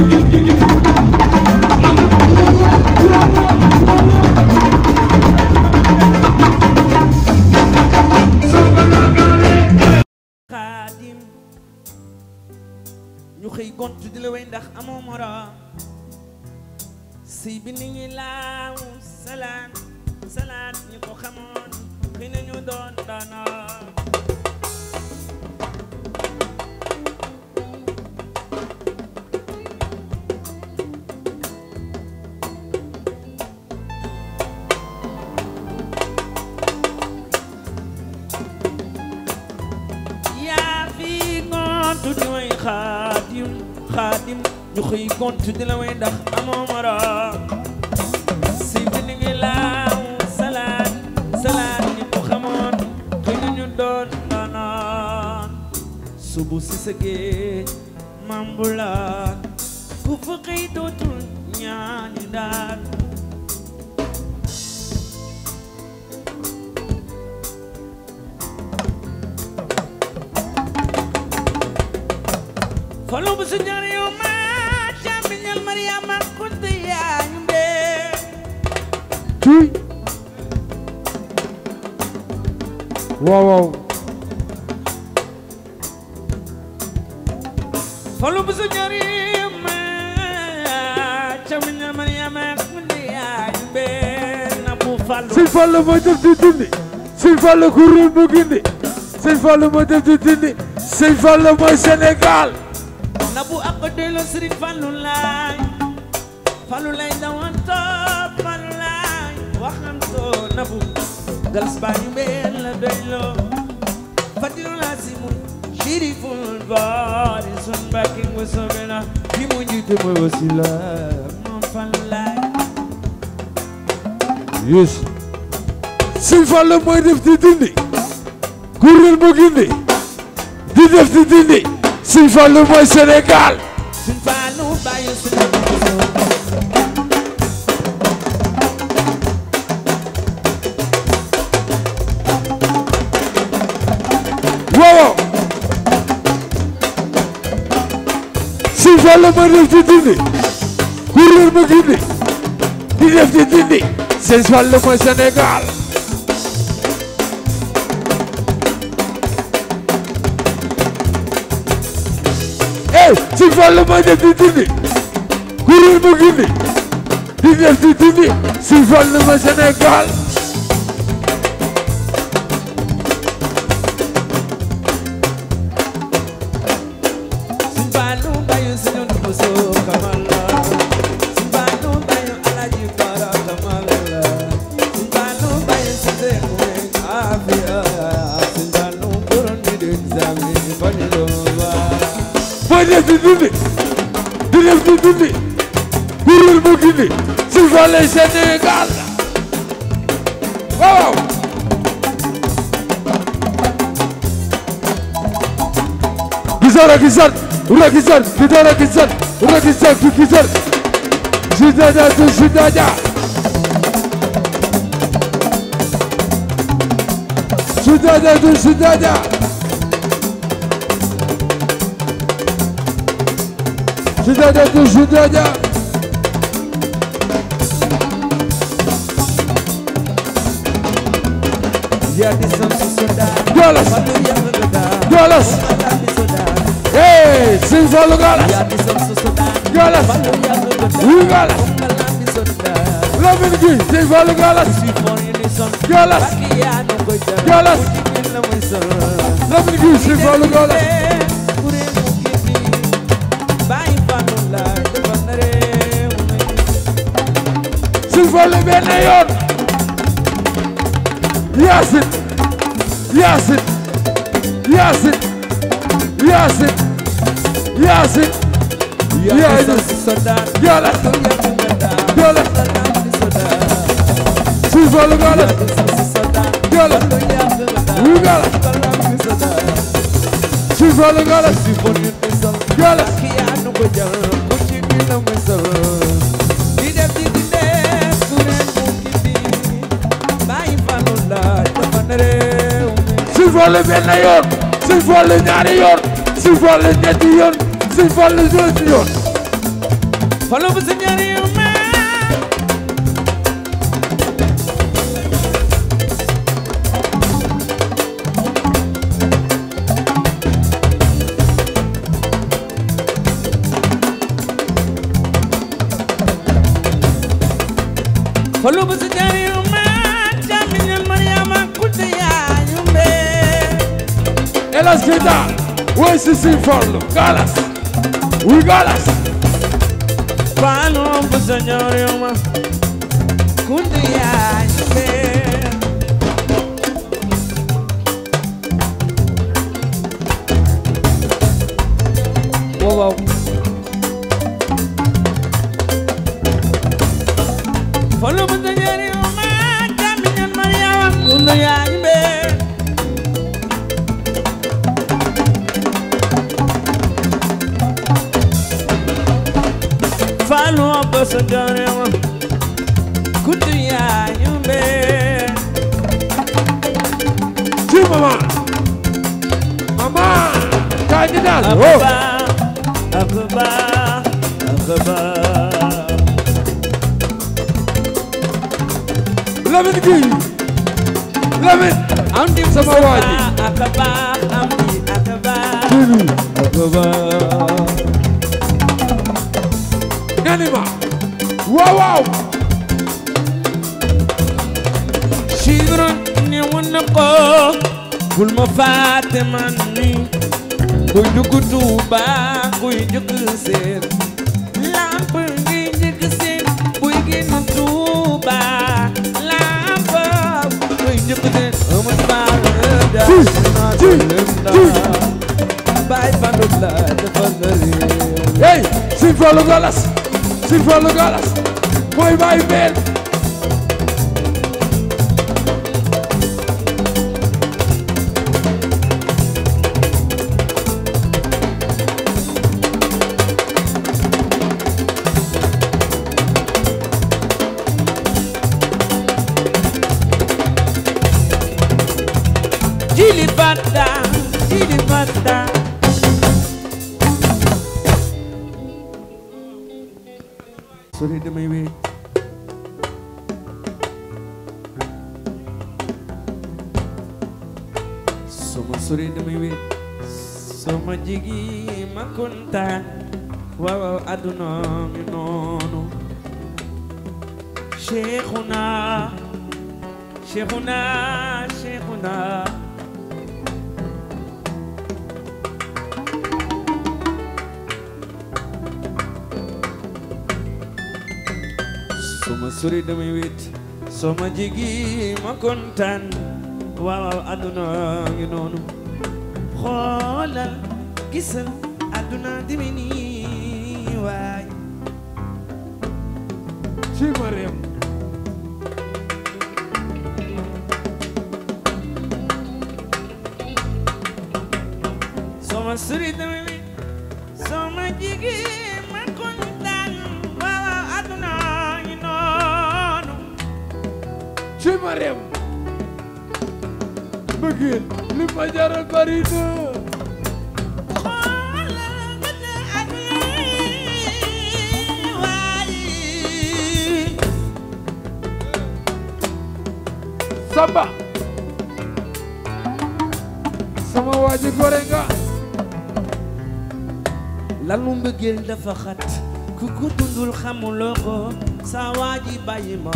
Thank you. Fallou na bu ak doy la sëriñ Fallou laay lay dawan topp Fallou laay waxam na bu galas baa ñu mbeel la doy fatiru laa mu jiri ful boori sun bakki ngu sobe na mu njiitu mooy wasila moom Fallou laay Fàll mooy def di dindi kuréel bu gindi di def di dindi Sëñ mooy Sénégal si Fallu mooy def di dindi kuréel di def di dindi si Fallu ma Sénégal volé Sénégal waaw Gizar gizar ura gizar gidara gizar ura gizar gizar Jidada tu jidada Jidada tu jidada Jidada tu jidada Golos Golos Hey Sëñ Fallu Golos Golos Wi Golos Lamin gi Sëñ Fallu Golos Golos Golos Lamin Yes it. Yes it. Yes it. Yes it. Yes it. Yes it. Yes it. Yes it. She's all about it. Girl it. We got it. She's all about it. Girl it. Fallu benn yoon Sëñ Fallu ñaari yoon Sëñ Fallu ñetti yoon Sëñ Fallu ñetti yoon Fallu bu sëñ ñaari yoon ma Fallu Sinda, we sisi folo, galas, we galas. Palo, pues señor, yo más, cundia. mama mama kaay ñu daal oh akbar akbar Lamine Gueye Lamine am dim sama waa ji akbar am di akbar nga ni ma waaw waaw sidron ni won ko bul ma fàtte man mi kuy dugg Tuuba kuy njëkk seen lamp ngi njëkk seen buy génn Tuuba lamp kuy njëkk seen ama saala daana lënda baay fanu la dafa nga réer hey Sëñ Fallu Galas Sëñ Fallu Galas mooy baay meel sori damay wéy ma kontaan waaw waaw àdduna mi noonu Cheikhuna Cheikhuna Cheikhuna sama sori damay wéet sama jigi ma kontaan waaw waaw àdduna mi noonu xoolal gisal àdduna dimini mbëggeel dafa xat ku ko dundul xamuloo ko sa waa ji bàyyi ma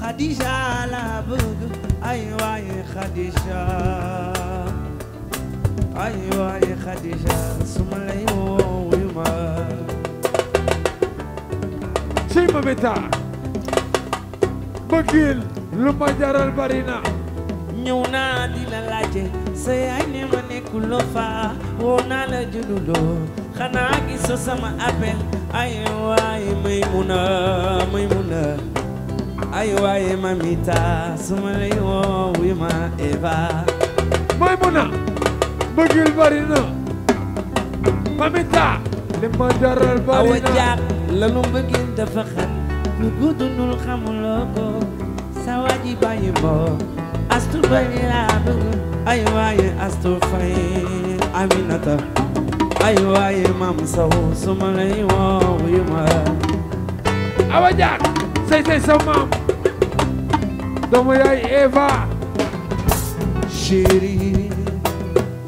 Khadija la bëgg ay waaye Khadija ay waaye Khadija su ma lay woo wuyu ma ci Bébé Tar mbëggeel lu ma jaral bari na ñëw naa di la laaje sa yaay ne ma nekkuloo fa woo naa la jënduloo xanaa gisoo sama appel ay waaye Maymuna Maymuna ay waaye mamita suma lay woowi ma Eva Maymuna bëggil bari na mamita li ma jaral bari awa jaag lanu bëggil dafa xat nu gudd nul xamuloo sa waaji bàyyi mboo astu bari laa bëgg ay waaye astu fay aminata ay waay maam saw su ma lay woo yu ma awa jaar say say sa maam doomu yaay Eva chéri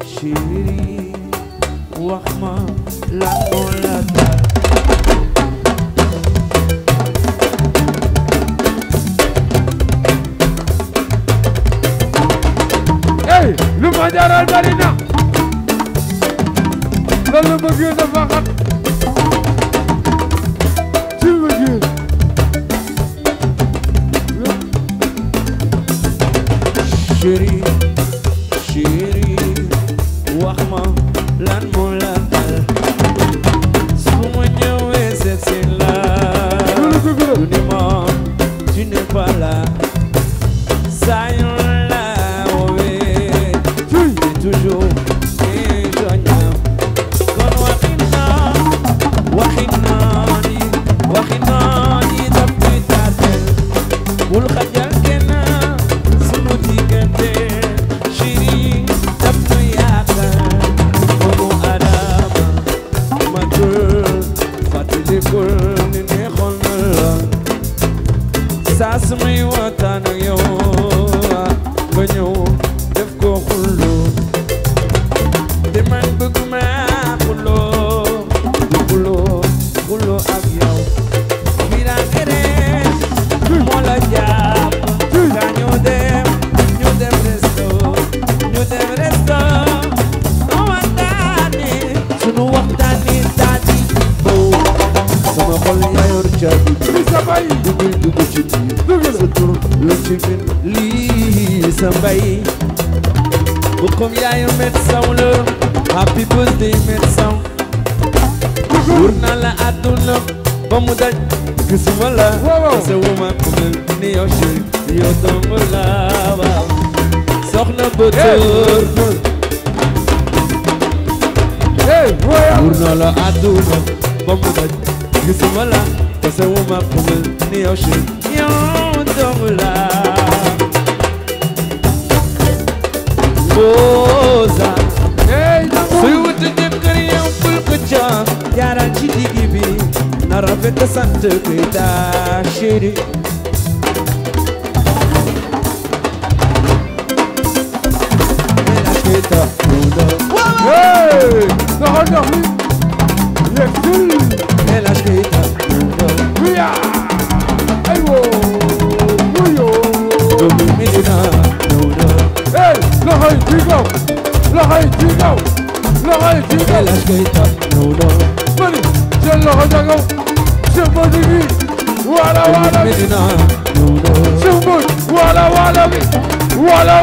chéri wax ma la on la ta lu ma jaral bari na loolu bëgg dafa xat bopp bañ gisuma la parce que wu ma ko mel ni yow si yow dong la Rosa sooy wut jëkkër yow bul ko jox jaaral ci digg na rafet sant kuy daa chéri Hey! The hard wala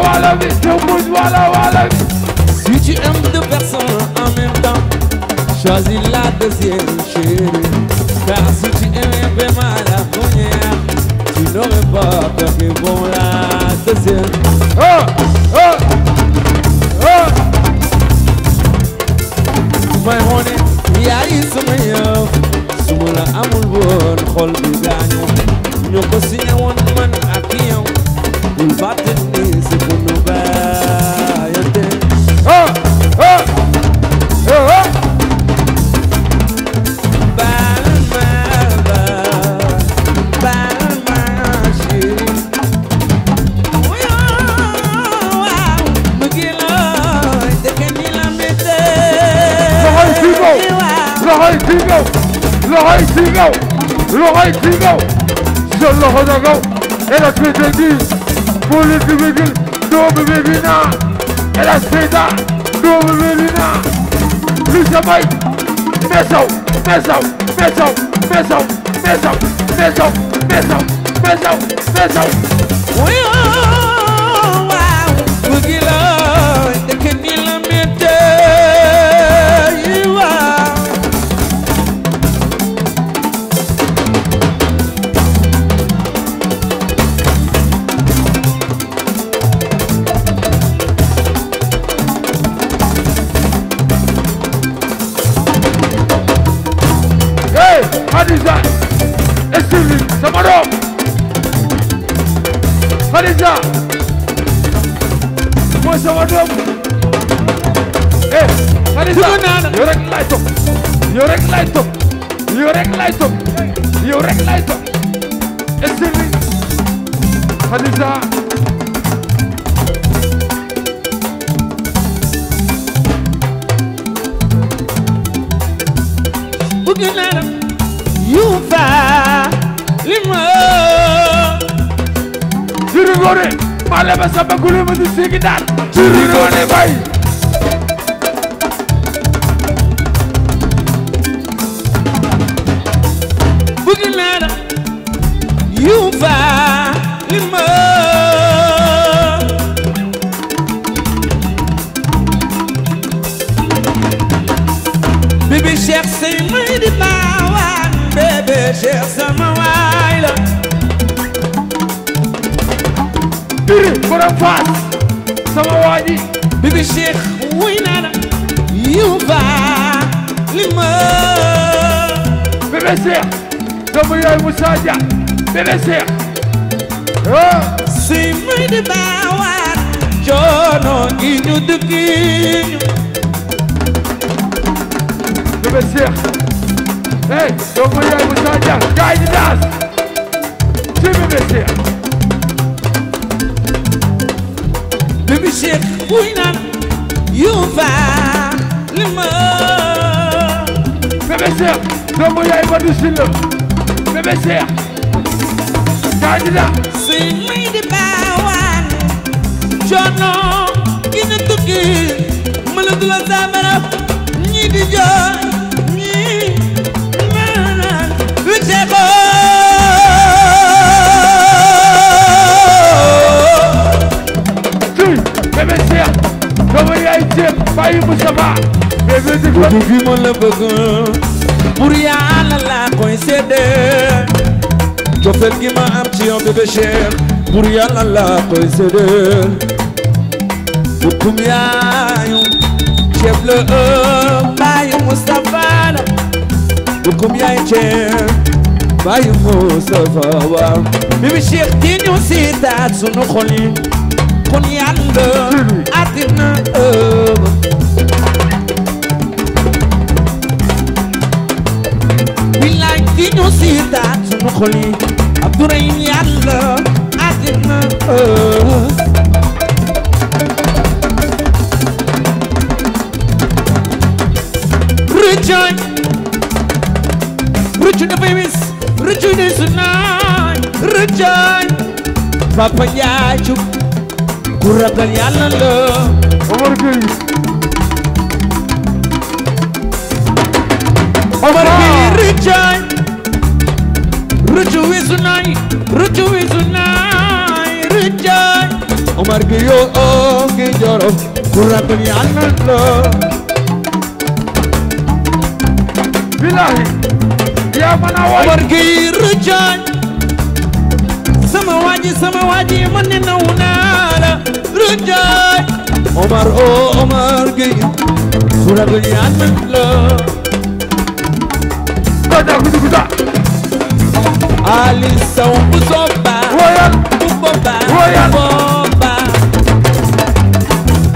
wala bi. jëmbuñ wala wala bi. si tu aimes deux personnes en même temps. Choisis la deuxième chérie Car si tu aimais vraiment la première Tu n'aurais pas perdu bon la deuxième Oh, oh, oh May wone yaay sama yow su ma la amul woon xol bi gaañu ñoo ko signé woon man ak yow bul fàtte l'oreille qui va, seul le redagon, et la suite est dix, pour les cubécules, double bébina, et la spéda, double bébina, plus à maille, maison, maison, maison, maison, maison, maison, maison, maison, maison, maison, maison, Khadija mooy sama doom eh Khadija yow rek laay topp yow rek laay topp yow rek laay topp yow rek laay topp Khadija bore ma lebe sa bakulu mu di sigi daan sirri ko ne bay Cheikh doomu yaay Moussa Dia bébé Cheikh ah. suy muy di baawaat coono ngi ñu dëkkiñu. bébé Cheikh hey doomu yaay Moussa Dia gaay di daas ci bébé Cheikh. bébé Cheikh wuy naan yu fa li ma. bébé Cheikh. doomu yaay Badou Sylla bébé Cheikh candidat sëy may di baawaan coono gina tukki mëna du la saabara ñi di jooy ñi maanaan wi teexoo bébé Cheikh doomu yaay ceeb bàyyi Moustapha bébé di ko fi ma la bëgg bur yàlla laa koy sédde cofeel gi ma am ci yow bébé Cheikh bur yàlla laa koy sédde bukkum yaayu ceeb la ëpp baayu Moustapha la bukkum yaayu ceeb baayu Moustapha waaw bébé Cheikh di ñu siitaat sunu xol yi kon yàlla àddina ëpp ki ñu siitaan sunu xol yi Abdourahim yàlla àddina rëccooñ rëccu dafay wis rëccu ne su naay rëccooñ Papa Njaay Cuub ku ragal yàlla la Omar Gueye Omar Gueye rëccooñ sunay ruccu wi sunay ruccaay Omar gi yoo oo gi jorof kuratul yàlla la bilahi yaa mën a way Omar gi ruccaay sama waaji sama waaji man ne naw naa la ruccaay Omar oo oh Omar gi kuratul yàlla la Alin Sow bu somba royal bu bomba royal bomba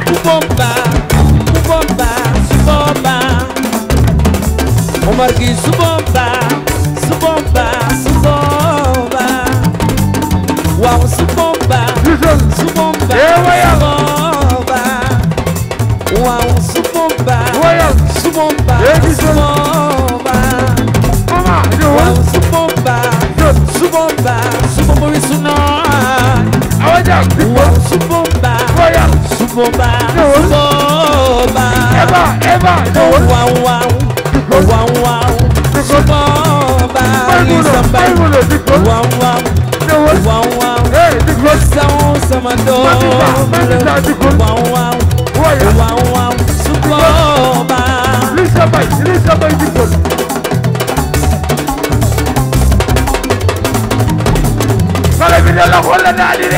bu bomba bu bomba su bomba Omar gi su bomba su bomba su bomba waaw su bomba su bomba su bomba waaw su bomba su bomba suna awaja wo subomba subomba subomba eba eba wa wa wa wa subomba lisamba wa wa wa wa lọsàn samado wa wa wa wa subomba lisamba lisamba idigbolo. dina la xoolal daal di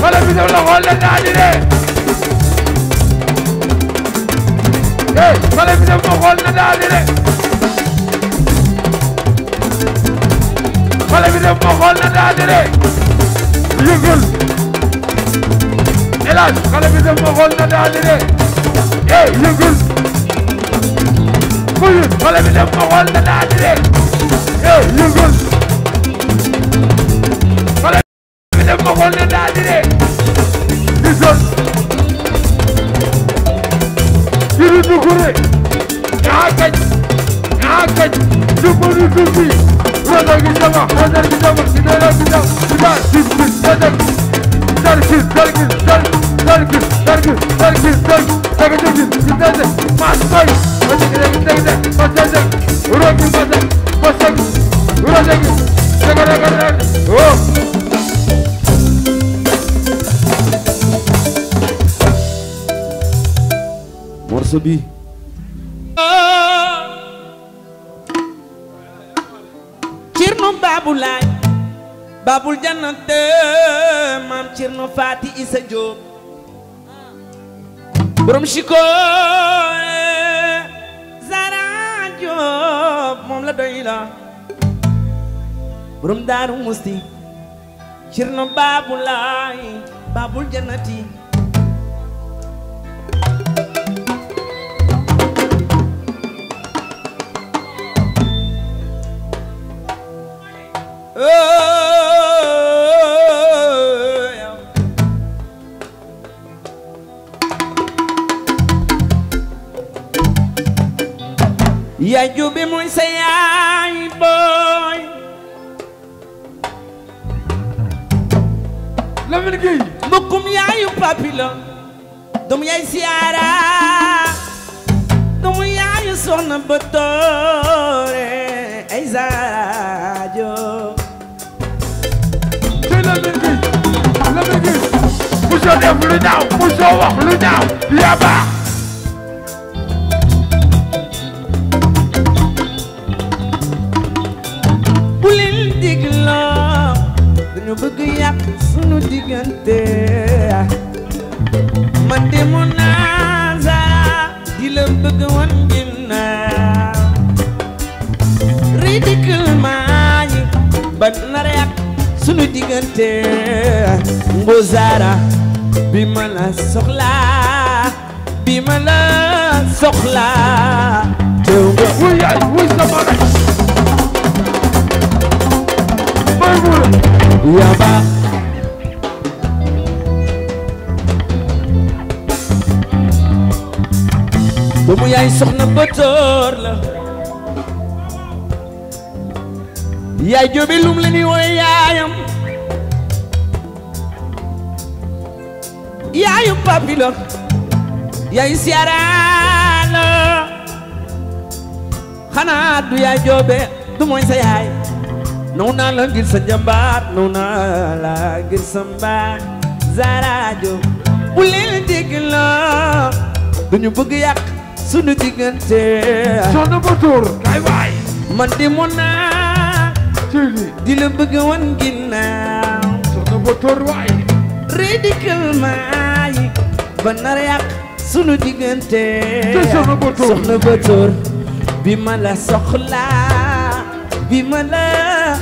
xale bi dina la xool na daal xale bi dina la xool na daal di ree xale bi dina la xool na daal di ree xale bi dina la xool na daal yëngal xale bi dem ma xool ne daa di dee gisal jiri dugure ñaa kaj ñaa kaj jëmbali duggi rada gi sama rada gi sama si dara gi sama si daa gis gis rada gi dar gis dar gis dar gis dar gis dar gis dar gis dar gis dar gis dar gis dar gis dar gis morceau bi Cerno Baabu Laay Baabul Jannat maam Cerno Faati Isa Jóob borom Sikoor yëpp moom la doy la borom daaru musti cirno baabul laay baabul jannati yaay ju bi muy sa booy Lamine Gueye mbokkum yaayu papi la doomu yaay siyaara doomu yaayu soxna ba toore ay zaraajo te Lamine Gueye Lamine Gueye bu soo def lu ñaaw bu soo wax lu ñaaw yaa baax sunu diggante man de di la bëgg wan ginnaaw ridicule maa ba nara sunu diggante Mbozara bi ma la soxlaa bi ma la soxlaa teew nga wuy yaay wuy doomu yaay soxna bëtër la yaay jóobe lum la ñuy yaayam yaayu papi la yaayu siyaara la xanaa du yaay jóobe du mooy sa yaay naw naa la ngir sa njambaar naw naa la ngir sa mbaar Zara bu leen dégg la duñu bëgg yàq sunu diggante soxna Batoor kay waay man di mu naa di la bëgg wan ginnaaw soxna Batoor waay ridicule maay ba nar yàq sunu diggante soxna Batoor bi ma la soxlaa bi ma la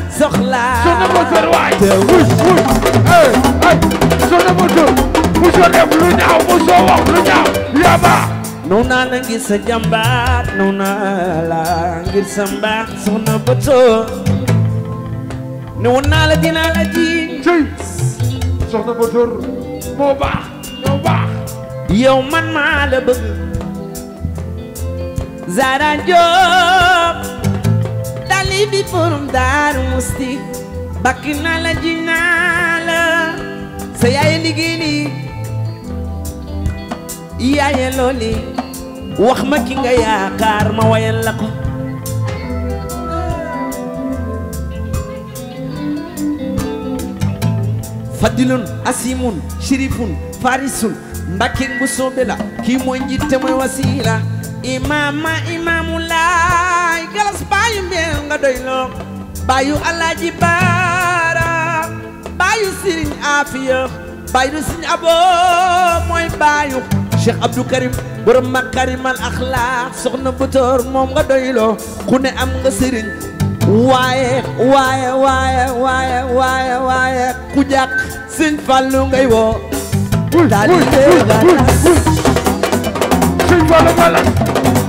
soxlaa soxna Batoor wuy wuy hey hey soxna Batoor mu soo lu ñaaw mu soo lu ñaaw yaba naw naa la ngir sa jàmbaat naw naa la ngir sa mbaax soxna Bato ne naa la dinaa la ji soxna Bato moo baax moo baax yow maa la bëgg Zara Diop dali bi borom Daaru Musti bakk naa la ji naa la sa yaay liggéey nii looli wax ma ki nga yaakaar ma wayal la ko fadilun asimun shirifun farisun mbakke mbusoobe la kii mooy njiite mooy wasiila imaama imaamu laay galas baayu mbeel nga doy loo baayu alaaji baara baayu siriñ aafiya baayu siriñ aboo mooy baayu Cheikh Abdou Karim borom makarimal axlaax soxna butoor moom nga doyloo ku ne am nga sëriñ waaye waaye waaye waaye waaye waaye ku jàkk sëñ Fallu ngay woo taalibe nga tas sëñ Fallu nga la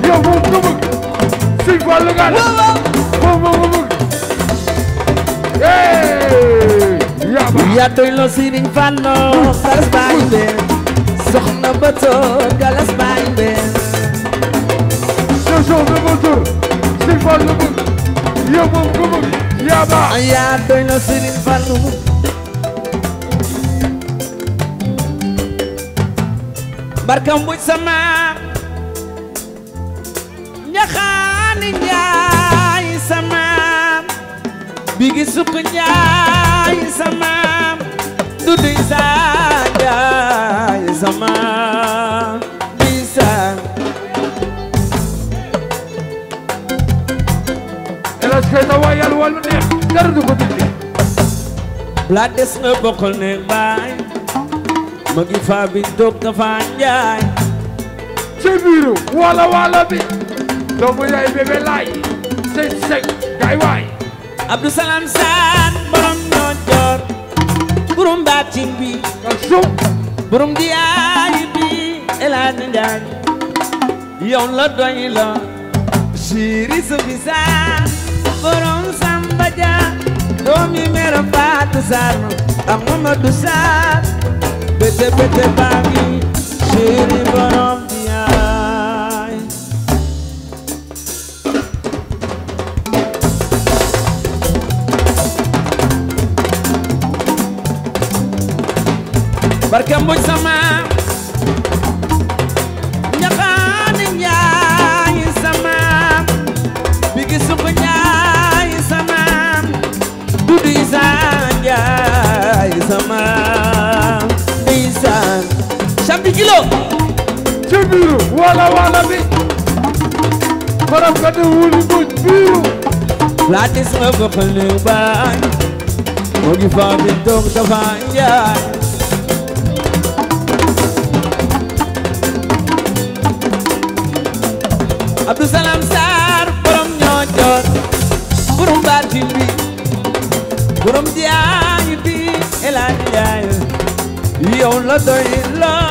yow moom nga bëgg sëñ Fallu nga la moom moom nga bëgg yaa doyloo na bëtoon galas baay mbeen jojo na bëtoon yaa baax yaa doy na Sëriñ Fallu barkam buj njaay sama bigi suq njaay sama du dey saa زمان لسان لا شيء توايا الولد درد قدري لا دسنا بقول نباي مجي فابي دوك تفان جاي شبيرو ولا ولا بي دوبو يا بيبي لاي سيك سيك جاي واي عبد السلام سان برم نجار برم باتين بي borom di ay bi elad njaay yow la doy la chéri su bisa borom samba ja doomi mera faatu sar am Mamadou Sarr bete bete baa ngi chéri barke mbuj sama njaxaani njaay sama bigi suku njaay sama dudu isaan njaay sama isaan sambi kilo cibiru wala wala bi borom ka di wuli buj biiru laa dis ma bëxël ne baay moo gi faa bi toog dafa Abdou Salam Sarr borom ñoo joor borom baatin bi borom jaay bi elaan jaay yow la doy loo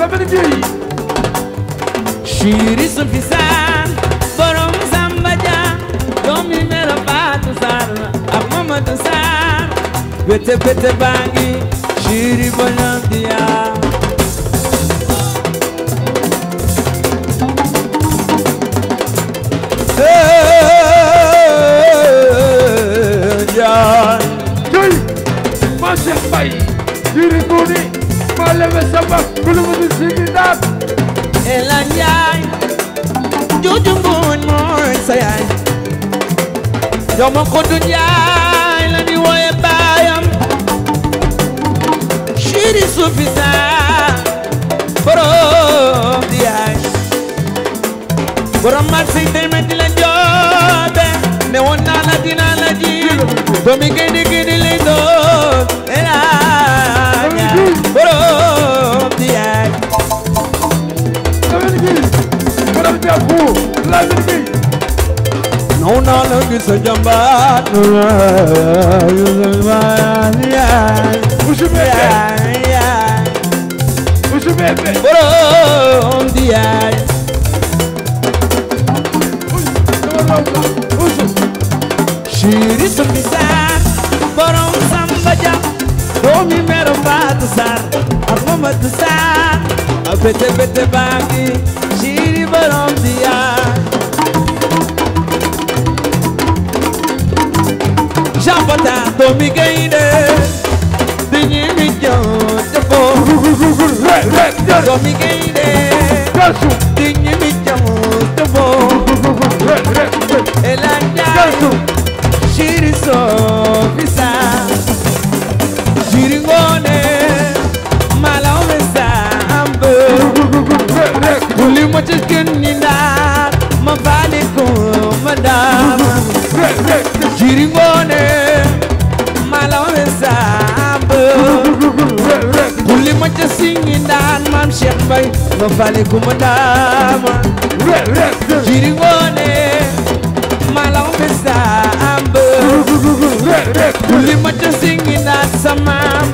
labari bi Chiri Sofi Sarr borom Samba Dia doomi mero Fatou Sarr ak bete bete baa ngi Chiri yow ma ko du njaay la ni wooye baayam chéri suufi saa borom di yaay borom marché day ma di la joobe ne woon naa la dinaa la ji doomi gëni gëni lay doon ne laa ñaay borom di yaay Fallou gi sa jàmbaar Ousou Bébé Ousou Bébé borom di yaay Chéri Sofi Sarr borom Samba Dia di yaay jàppata doomi gaynde dañuy mi jox jëfoo doomi gaynde dañuy mi jox jëfoo ela jaay chéri soo ca kulli ma ca singi ndaan sa maam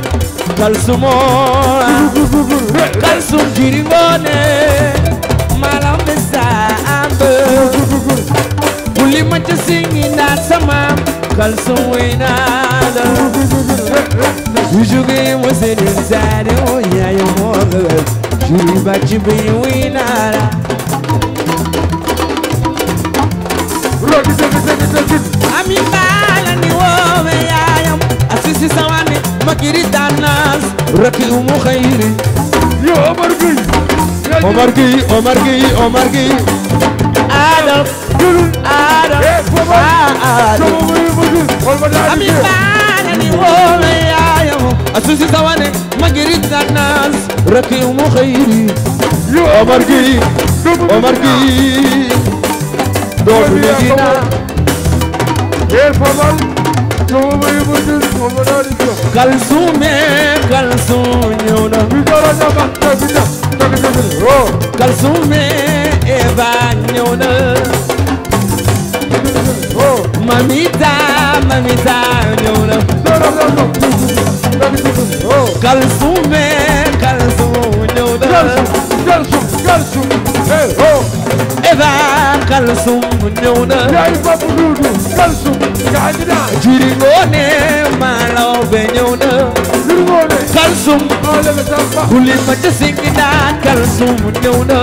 kalsumoora kalsum jiri ngoone malaw mi saamba kulli ma ca singi ndaan sa maam kalsum wey naa Ujuge mwese ninsade onyayo mwongwe Juri bachibi winara Rodi sege sege sege Ami mbala ni wowe yayam Asisi sawani makiri danas Raki umu khairi Yo Omar Guy Omar Guy Omar Guy Omar Guy Adam Adam Adam asusi sawane magirit nanas rakiu mu xayri Omar gi Omar gi dootu Medina yer famal jomo yu burjul momo dari jo kalsume kalsun ñewna mi dara na bakta bina tagi tagi o kalsume eva ñewna o mamita mamita ñewna dara na kalsume kalsume ñëw na kalsum kalsum oh eva kalsum ñëw na yaay kalsum gaadina jirigone be ñëw kalsum kuli ma ci kalsum ñëw na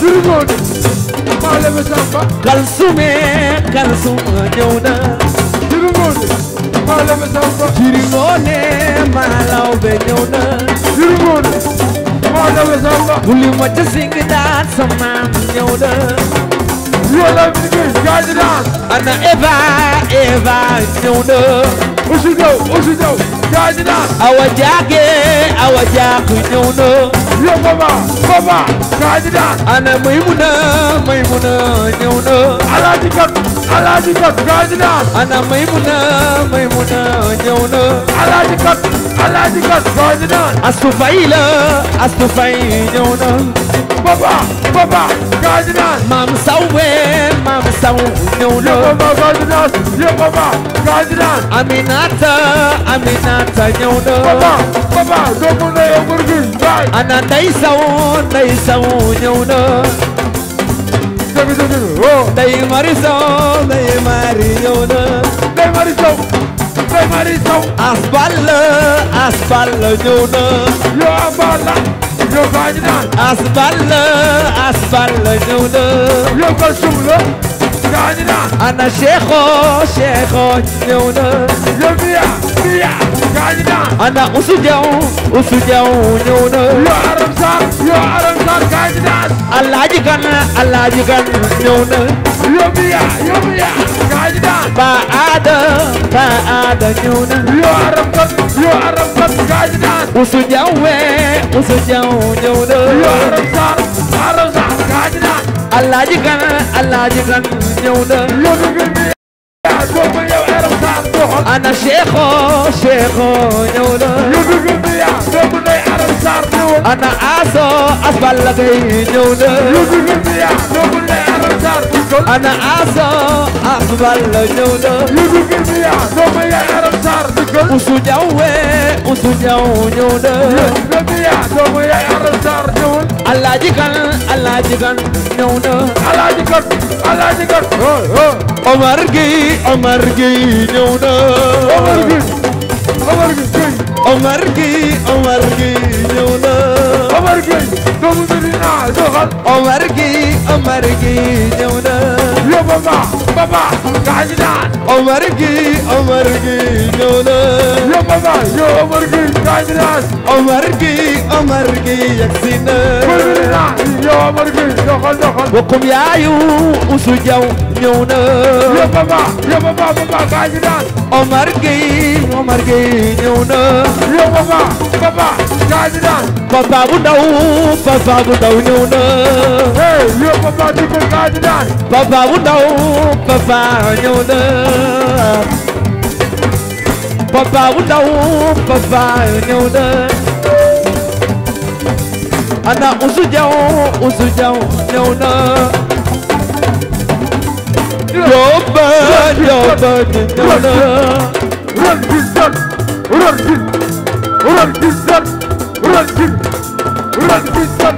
jirigone be samba kalsume kalsum ñëw jiri ngoone malaw be ñëw na jiri ngoone malaw be samba buli ma ci sing daan sama ñëw na yoola mi ngi gaaj daan ana eva eva ñëw na usu daw usu daw gaaj daan awa jaage awa jaag ñëw na yo baba baba gaaj daan ana maymuna maymuna ñëw na alaaji kat alaaji kot gardinal ana maymuna maymuna ñëw na alaaji kot alaaji kot gardinal astu fay la astu fay ñëw na baba baba gardinal maam sawe maam saw ñëw na baba gardinal ye baba gardinal aminata aminata ñëw na baba baba doomu na yow burgi ana nday saw nday saw ñëw na bi su jur woo day mari day mari day mari sow day mari sow asbal la asbal la ñëw na yoo asbal la yoo أنا شيخو شيخو نونا لميا ميا قاعدنا أنا أسجو أسجو نونا يا عرب صار يا عرب صار قاعدنا الله جكن الله جكن نونا لميا لميا قاعدنا بعادة بعادة نونا يا عرب صار يا عرب صار قاعدنا أسجو أسجو نونا يا عرب صار عرب صار قاعدنا alaaji gan alaaji gan ñëw na loolu gën mi yaa boobu yow eram saar doxal ana Cheikho Cheikho ñëw na loolu gën mi yaa boobu nay eram saar ñëwal ana Aso Asbal la gay ñëw na loolu gën mi yaa boobu nay eram saar dikkal ana Aso Asbal la ñëw na loolu gën mi yaa boobu yow eram saar dikkal usu jawe usu jaw ñëw na loolu gën mi yaa boobu yow eram saar alaaji kan alaaji kan ñëw na. alaaji kan alaaji kan. Omar Gueye Omar Gueye ñëw na. Omar yo baba baba gaañinaan Omar gi Omar gi ñëw na yo baba yo Omar gi gaañinaan Omar gi Omar gi yegsi na yo gi doxal doxal bokum yaayu usu jaw ñëw na. yo papa yo papa papa kaay ñu daan. Omar Gueye Omar Gueye ñëw na. yo papa papa kaay ñu daan. papa bu ndaw papa bu ndaw ñëw na. hey yo papa di ko kaay ñu daan. papa bu ndaw papa ñëw na. papa bu ndaw papa ñëw na. ana usu jaw usu jaw ñëw na. Jọba jọba nìjọba. Rọ̀dìsán rọ̀dìsán rọ̀dìsán rọ̀dìsán rọ̀dìsán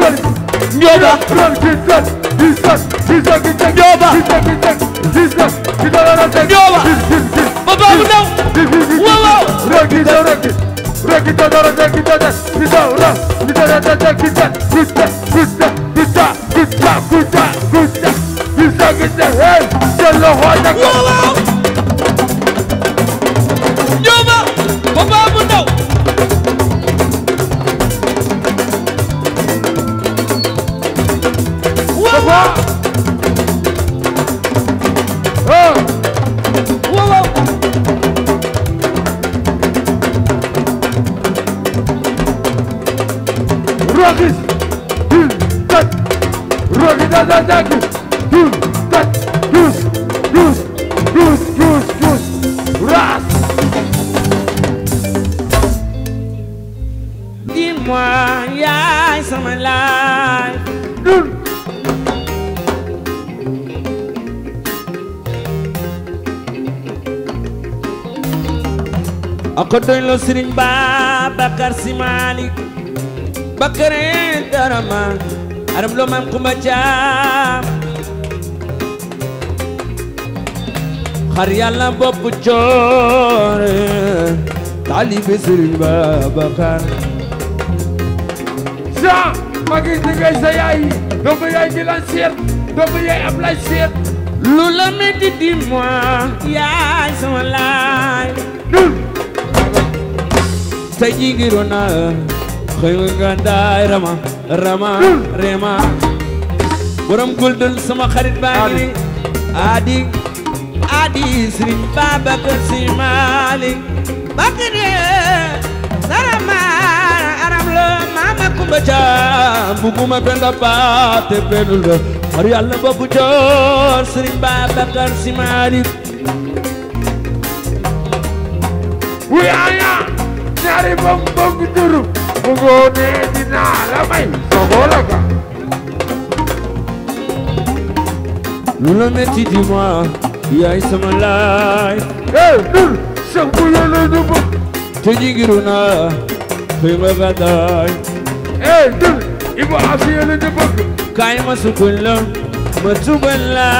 rọ̀dìsán. Jọba rọ̀dìsán disan disan disan. Jọba disan disan disan disan. Jọba bàbá mi náà wọ́wọ́. Rọ̀dìsán rọ̀dìsán. Rakita dara rakita da kita ra kita da da kita kita kita kita kita kita kita di sëgg te xëy te loxo na ko. Njóoba Papa bu ndaw. Papa. ah. waaw. Rokis. Rokis da da da. ko doy lo Serigne Babacar Sy Malick Bakare Darama aram lo Maam Kumba Jaam xar yàlla bopp coore taalibe Sëriñ Babacar sa magi dëggay sa yaay doomu yaay Jilaan Seet doomu yaay Ablaay Seet lu la metti di moom yaay sama laay dul tey ji ngi roona xëy nga ndaay rama rama rema borom Golden sama xarit baa ngi ni adi Sëriñ Babakar Si Maalik bakk de sara maara aram lo maama kumba jaam buguma penda baate pendul do war yàlla boobu joor Sëriñ Babakar Si Maalik wiyaaya ñaari bam bam duru bugoone dinaa la may sogola ka lu la metti di moi yaay sama laay ee nur sanku yele dubu te jigiruna fey ma gadaay ee nur ibu asi yele dubu kaay ma sukun la ma tubal la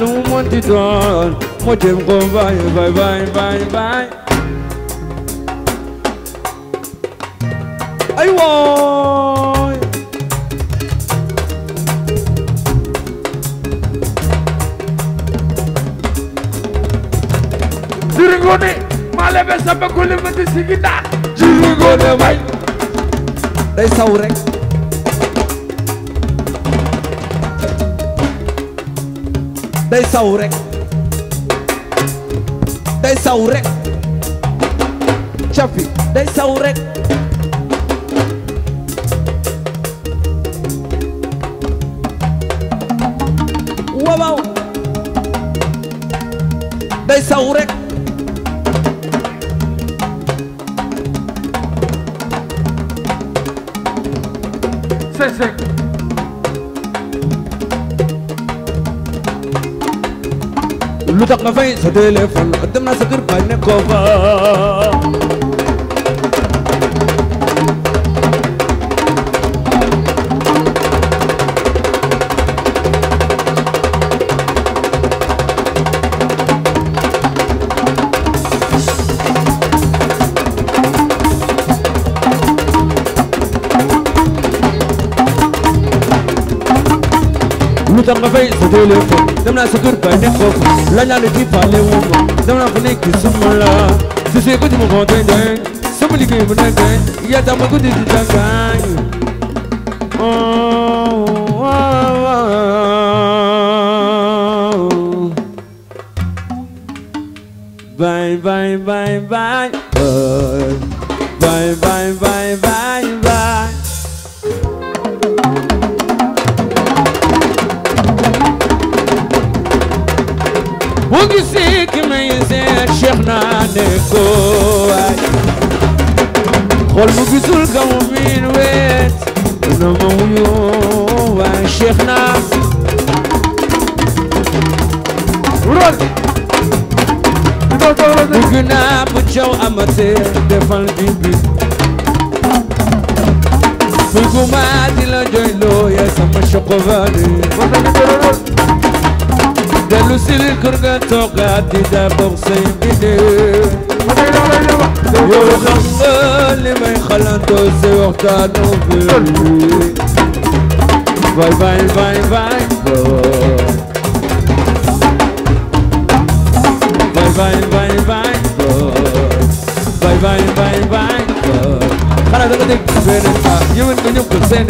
lu mu monti doon mo tem ko bay bay bay bay bay ay waa gone maa a sama gone ma di sigita jiri gone may day saw rek day saw rek day day saw rek waaw day saw rek cesse rek lu tax nga fay sa téléphone dem naa sa kër bañ ne ko fa tax nga fay sa téléphone dem naa sa kër bay nekk foofu laaj naa la ci fàlle wu ma dem naa fa nekk suma la su see ko ci ma foo deng deng sama liggéey mu deng deng yaa tax ma guddi di tàngaañ oh, Bye, bye, bye, bye. ak Cheikh naa ne ko waay xool bu gisul ka mu miin weet na ma wuyoo waay Cheikh naa rol bëgg naa bu caw amateur defal bi bi bëgguma di la jooyloo ya sama chocolat dellu si biir kër ga toogaat di daboog say mbindeef yow xam nga li may xalaatoo si waxtaanu biir bay bay bay bay bay bay bay bay bay bay bay bay xanaa da nga dégg beneen ba yéwén nga ñëpp seen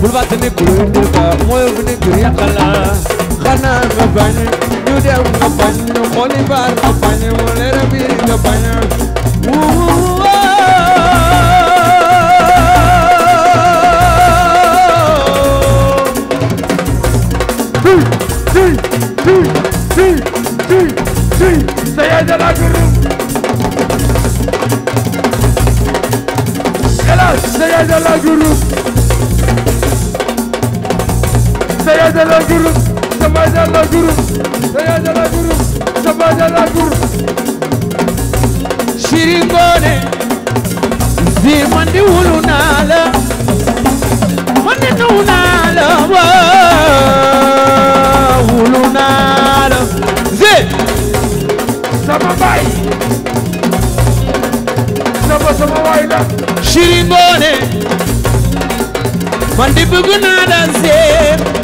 bul fàtte ne ku lu yëngal ba mooy bu nekk yàqal la xanaa nga bañ ñu dem nga bañ ñu xooli baar nga bañ mu leer biir nga bañ Sayada la guru Sayada la guru Tabajala Guru Tabajala Guru Tabajala Guru Shiringone Zimandi ulunala Mandi nunala wa ulunala Zi Sama bai Sama sama waina Shiringone Mandi buguna danse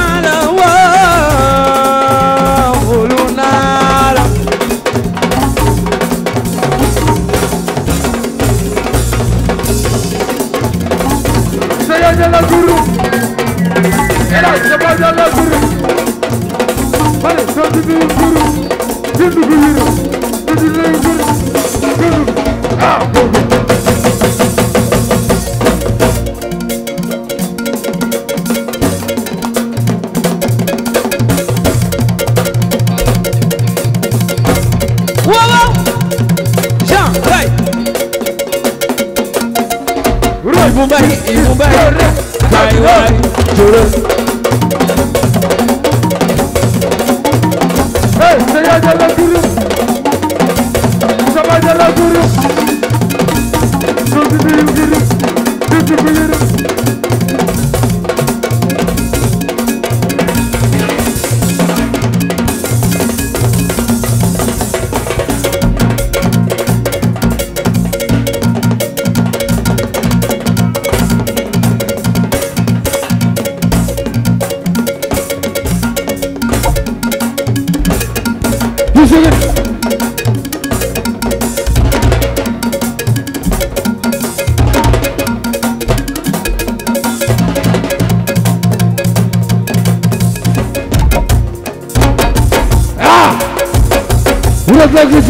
delloo biir ma ne soo di nuyu biir biir bi biir di nuyu biir biir ah boobu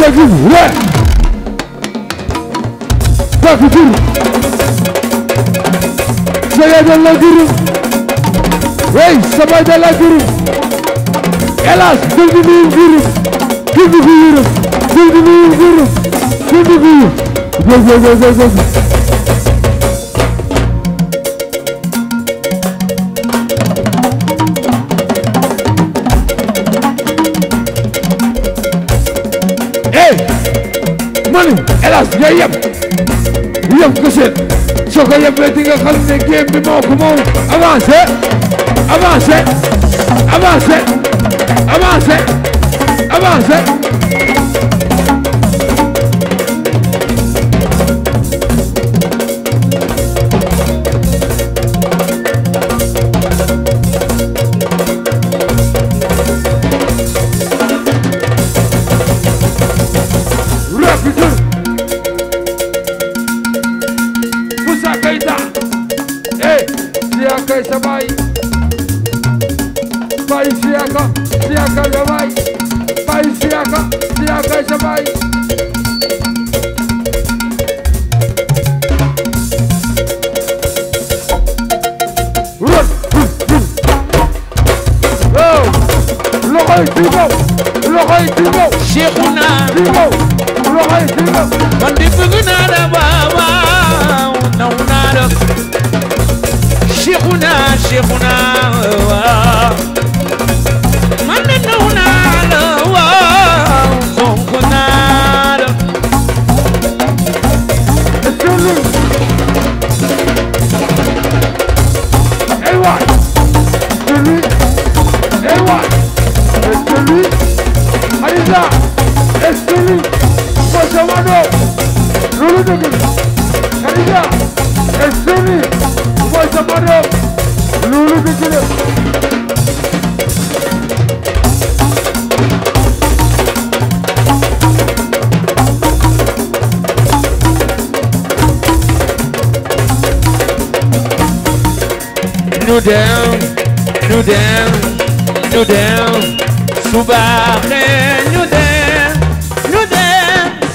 c'est vrai. Pape Diouf. Seye de la Diouf. wey Saba de la Diouf. hélas dund bi ñu Diouf. dund bi ñu Diouf. dund bi ñu Diouf. dund bi ñu. yooyu hélas ngay yem yem ko seen soo ko yemee di nga xam ne game bi moo ko moom avancé avancé avancé avancé avancé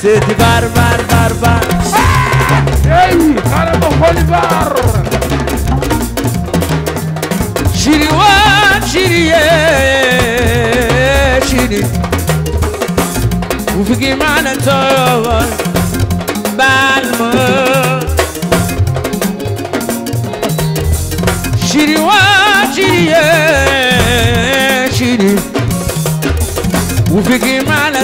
seeti baar baar baar baar ey xaaral ma xooli baar ciri waan ciri yee ciri wu figi maana tooyoon baal ma ciri waan ciri yee bu bëggee maa la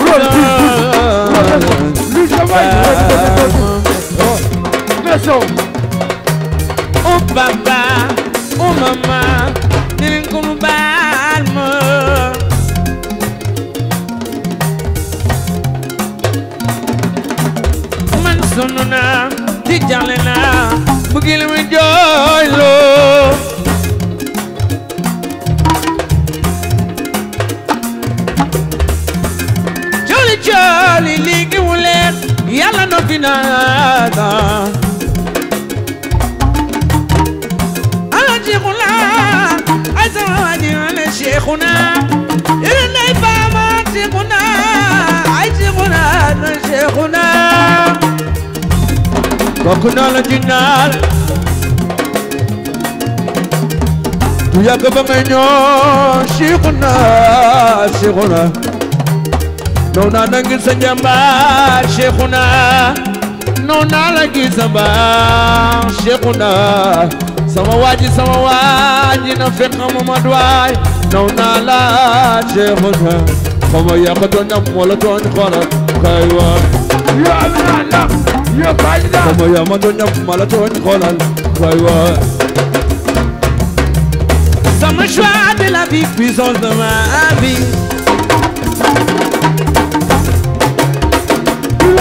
doon li samay beso o papa o oh, mama ne leen ko mu baal ma man sonn naa di jàlle naa bëgg li muy jooyloo cooli léegi mu leer yàlla noppi naa daa ana Seexuna ay sama waaji ana Seexuna iri nay baama ay Seexuna ana Seexuna kooku naa la jinnaal bu yàgg ba may ñoo noon naa la gis sa njàmbaar Seexuna noon naa la gis sa mbaar Seexuna sama waaji sama waaji na fekk Mamadu waay noon naa la Seexuna xama yàq doon ñam wala doon xoola kay waay yaa naa la yaa bañ la xama yàq doon ñam wala doon xoola kay waay sama choix de la vie puissance de ma vie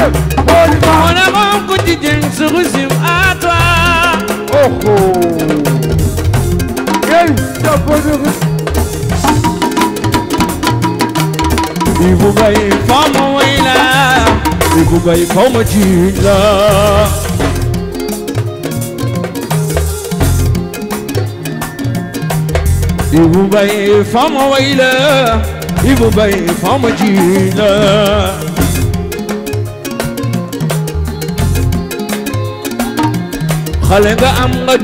On a mon quotidien se résume à toi. Oh oh. Quel Ibuga ifomo wila Ibuga ifomo jila Ibuga ifomo wila Ibuga ifomo jila xale nga am nga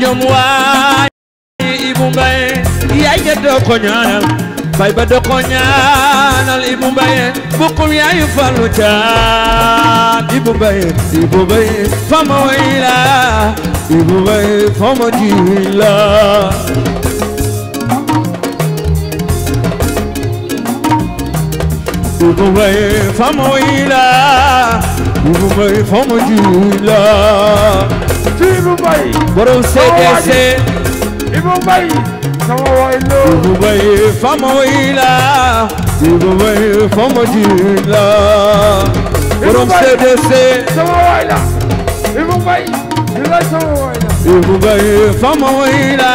Mbaye borom CDC Ibou Mbaye sama way lo Ibou Mbaye fama way la Ibou Mbaye fama ji la borom CDC sama way la Ibou Mbaye la sama way la Ibou Mbaye fama way la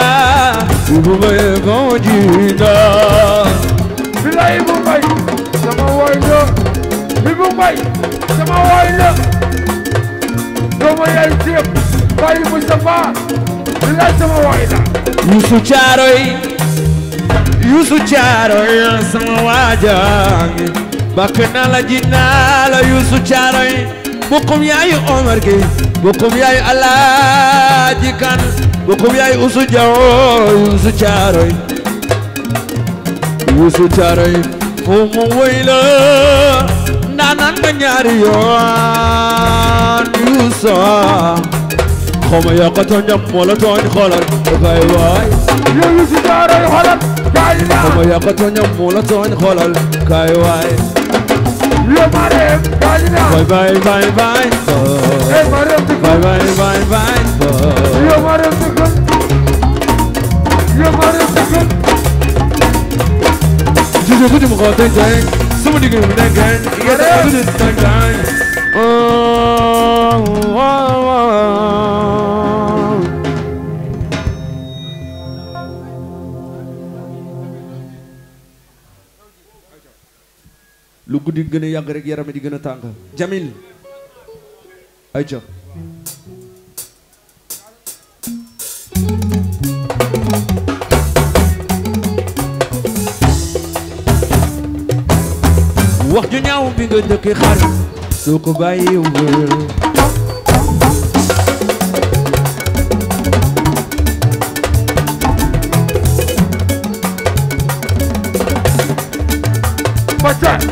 Ibou Mbaye fama ji la Bila Ibou Mbaye sama way lo Ibou Mbaye sama way lo doomu yaay jéem bàyyi Moustapha bilaay sama waay la Youssou Thiaroy Youssou Thiaroy sama waajang bakk na la Alaaji Kan bokkum yaayu Youssou Diaw Youssou Thiaroy Youssou Thiaroy mu mu wëy la ndaanaan nga ñaari xawma yaa ko tooñ jàpp moo la tooñ xoolal dafay waay yooyu si jaara yu xoolal gaay na xawma yaa ko tooñ jàpp moo la tooñ xoolal gaay waay yo mareem gaay na bay bay bay bay eh mareem di bay bay bay bay yo mareem di kon yo mareem di kon jiji ko jum ko tay tay sama diggu mu nekk gaay ya da ko di tay tay oh lu guddi gën a yàgg rek yaram di gën a tàng Jamil ayca wax ju ñaaw bi nga njëkkee xarit soo ko bàyyi wër What's that?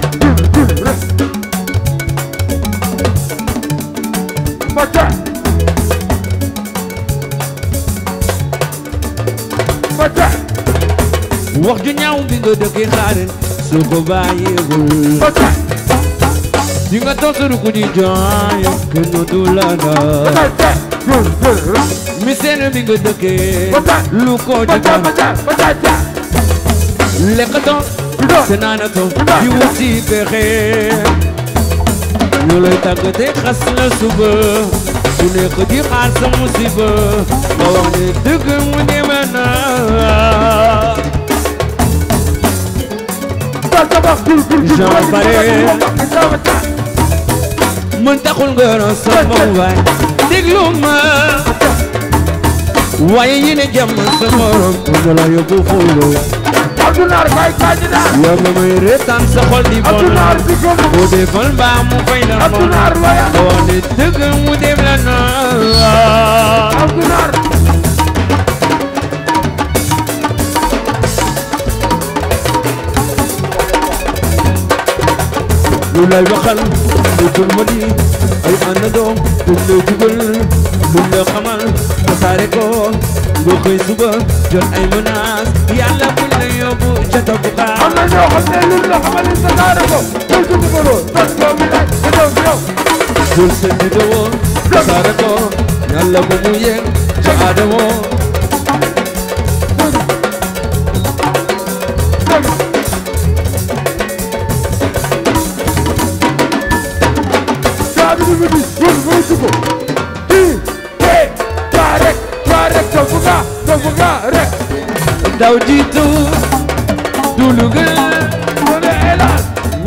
ko dëkkee xaaral soo ko bàyyiwul di nga toog sa ruku di jooy la daal misère bi nga la wax ne dëgg mu demee Jean Paré mën taxul nga sama waay déglu ma waaye yéen a jàmm sa morom mu la yóbbu xuloo adunaar bay kandida yow nga may reetaan sa xol di bon bu defal mbaa mu fay la moom boo ne dëgg mu dem la naa adunaar lu lay waxal lu dul ma di ay àndandoom duñ lay dugal la xamal tasaare ko nga koy ay menaces yàlla buñ la yóbbu ca topp ka am na ñoo xam ne la xamal tasaare ko luñ ko dugaloo tas ko mi lay ko doon ca aadamoo suko hi hey waa rek waa rek toog nga toog nga rek ndaw jiitu dulu nga wala elal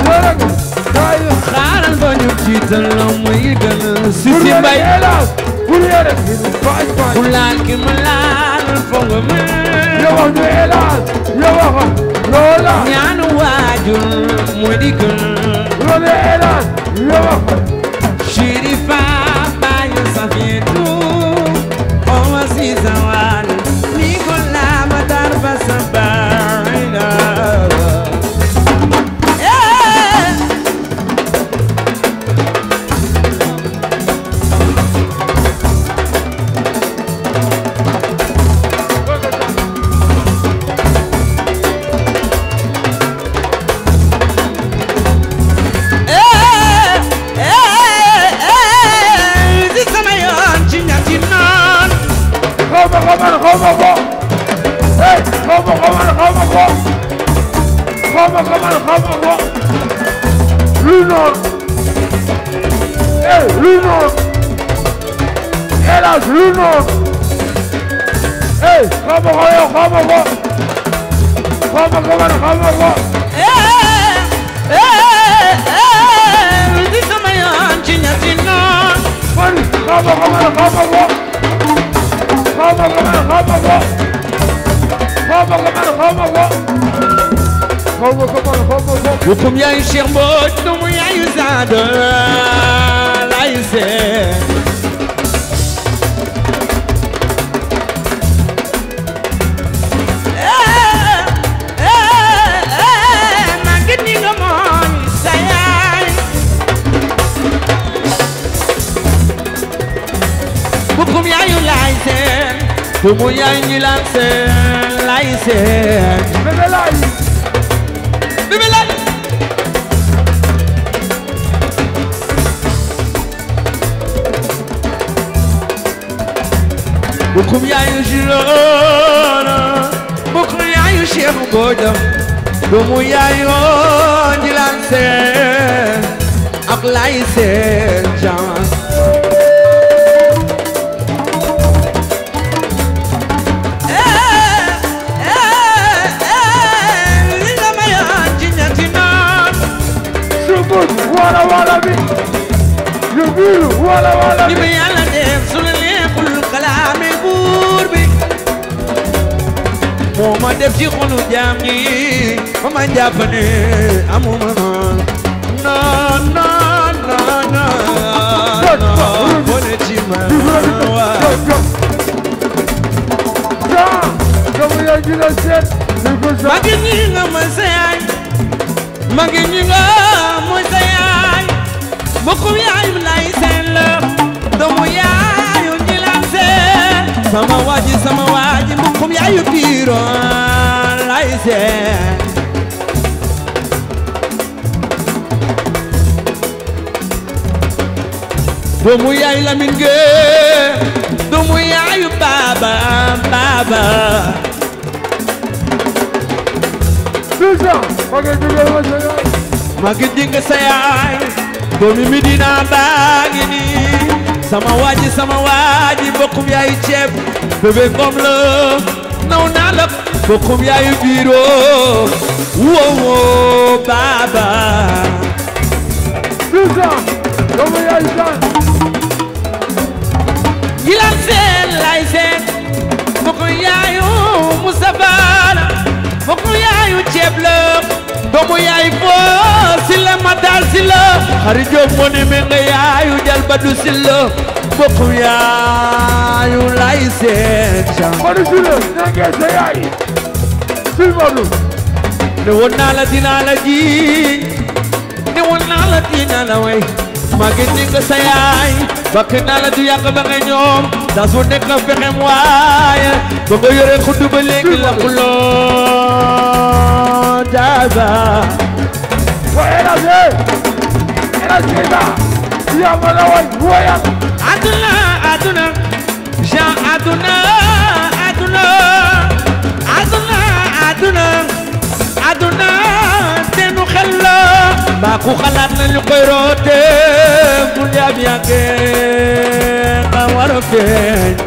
wala ko tayo xaaral ba ñu jiital la muy gën si si mbay elal bul yere fay fay ku laal ki ma laal foog ma yow ñu elal yow wax loola ñaanu waajur muy di gën حميد هو عزيز Lünen. Ey, komm mal her, komm mal her. Komm mal, komm mal, komm mal her. Ey, ey, ey, bitte mal an, Tina, Tina. Komm, komm mal, komm mal, komm mal her. Komm mal, komm mal, komm mal her. Komm mal, komm mal, komm mal her. Komm mal, komm mal, komm mal her. Wo komm ja in Schermot, komm ja in Zade. Leise. Tumuyangi lanse laise Bebe lai Bebe lai Bukum yayu jirona Bukum yayu shehu bodam Dumu yayu jilanse Ak laise jans wala wala bi yu wala wala bi yàlla def su la neexul kalaame buur bi mbokkum yaayu lay seen la doomu yaayu ñi la sama waaji sama waaji mbokkum yaayu biiro lay doomu yaayu lamin ngeen doomu yaayu baaba baaba Dusa, magi jingga sa yaay doomi Medina baa ngi nii sama waaji sama waaji bokkum yaayu ceeb bébé ngom la naw naa la bokkum yaayu biiro wowo baaba bisa doomi yaayu san yilan seen lay seen bokkum yaayu musa baala bokkum yaayu ceeb la doomu yaay foo silla ma daal silla xari moo ne me nga yaayu jalbadu silla bokku yaayu lay seen yaay silmalu ne woon naa la dinaa la jiiñ ne woon naa la dinaa la way màgget ni naa la du yàgg ba nga ñoom saa su nekk nga fexem waaye ba nga yore xuddu ba léegi la xuloo مجازا وإلى زين إلى زيدا يا ملوي ويا أدنى أدنى جاء أدنى أدنى أدنى أدنى أدنى تنو خلا باكو خلاتنا لقيروت مولي أبيانكي قوارفين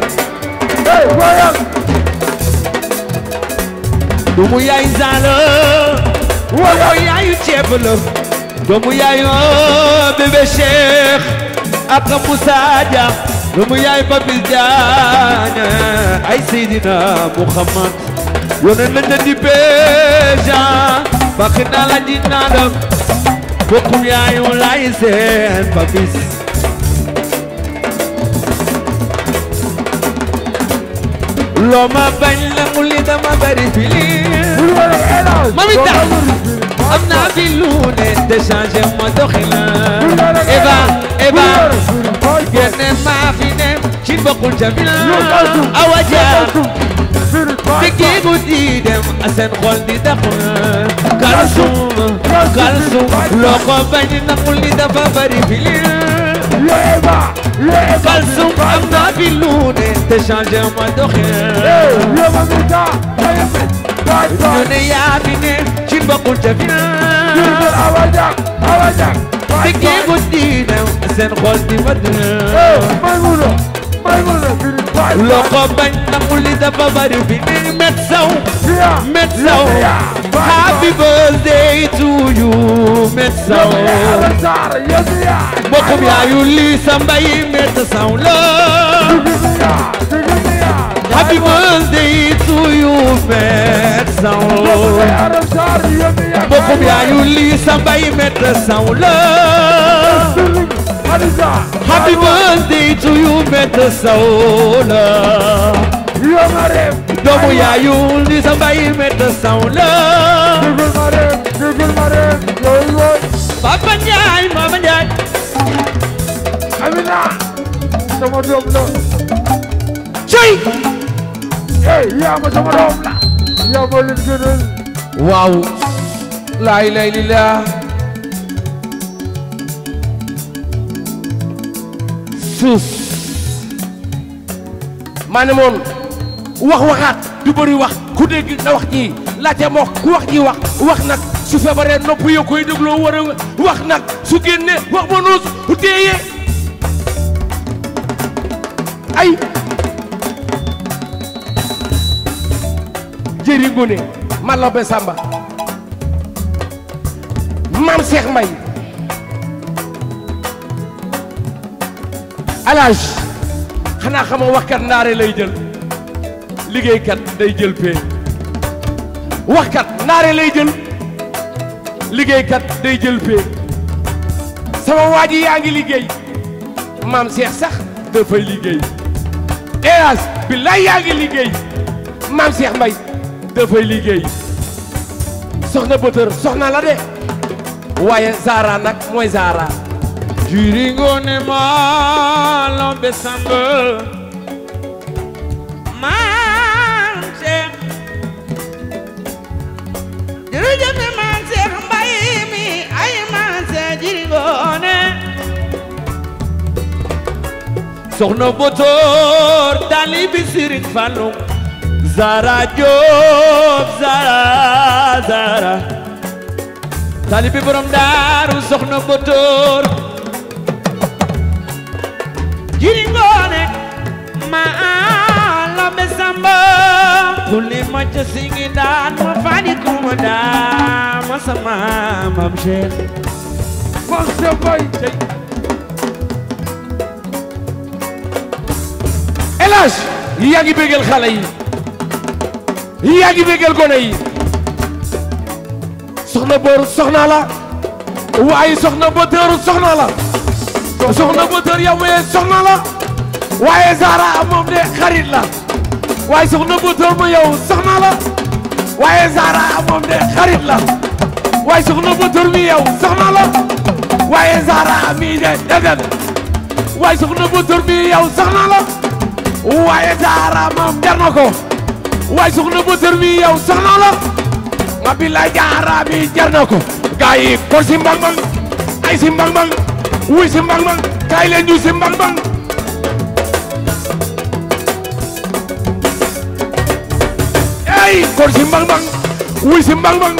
Hey, William! Dumu ya inzalo wala yaayu ceeb la doomu yaayu ah, bébé Cheikh ak Moussa Dia doomu yaayu Babil Diagne ay Seydina Muhammad yónnee lañ leen di beejan bakk naa la ji naa la bokkum yaayu laay seen Babis loo ma bañ la mu li dama bari fili am naa fi ne te changé ma doxina eba eba génne maa fi ne ci bokkul jamila awa jaar fekki guddi dem a seen xol di daquna kalsum kalsum loo ko bañ na mu li dafa yéema yéema kalsum am naa fi lu ne te ma doxin yéema mi ta yéema baaj baaj ñu ne yaa fi ne ci bokkul ca fi naa yéema awajak awajak baaj baaj te kii bu diine seen xol di ma dina may mu ne may loxo bañ nangul li dafa bari bi ni met saw met saw happy birthday to you met saw mbokkum met saw la happy birthday to you met met saw la Happy birthday to you, Meta Saola. Doomu yaayu li sa baay Meta Saola. Dégul ma dem, dégul ma dem, yooyu woon. Papa Ndiaye, Mama Ndiaye. Amina. Sama doom la. Cey. Eh, yaa ma sama doom la. Yaa ma leen gënal. Waaw. La ilaha illallah. suus maa ne moom wax waxaat du bëri wax ku dégg na wax ji laajte ma wax ku wax ji wax wax nag su feebaree nopp yo koy dégloo war a wax nag su génne wax ma nuus téye ay jëri ngone Malobe Samba maam Cheikh Mbaye alaaj xanaa xamoo waxkat ndaare lay jël liggéeykat day jël pee waxkat ndaare lay jël liggéeykat day jël pee sama waa ji yaa ngi liggéey maam Cheikh sax dafay liggéey hélas billaay yaa ngi liggéey maam Cheikh Mbay dafay liggéey soxna bëtër soxna la de waaye Zara nag mooy Zara jiringonema lombe sambe maam Cheikh jërëjëf ne maam Cheikh mbay mi ay maam Cheikh jiringone soxna botor talibi Serigne Fallou Zara Diop Zara Zara talibi borom daaru soxna botor jiri ngoone maa la besamba kulli ma ca singi daan ma faani kuma daa ma sama mam Cheikh ma sa bay cey elaas yaa ngi bégal xale yi yaa ngi bégal gone soxna booru soxna la waaye soxna ba soxna la soxna bu tër yow mooy soxna la waaye Zara moom de xarit la waaye soxna bu tër ma yow soxna la waaye Zara moom de xarit la waaye soxna bu tër mi yow soxna la waaye Zara mi de dëgg waaye soxna bu tër mi yow soxna la waaye Zara moom jar na ko waaye soxna bu tër mi yow soxna la ma bi la Zara mi jar na ko. gaa yi kor si mbang mbang ay si mbang mbang wuy si mbang mbang kaay leen si mbang mbang ay kor si mbang mbang wuy si mbang mbang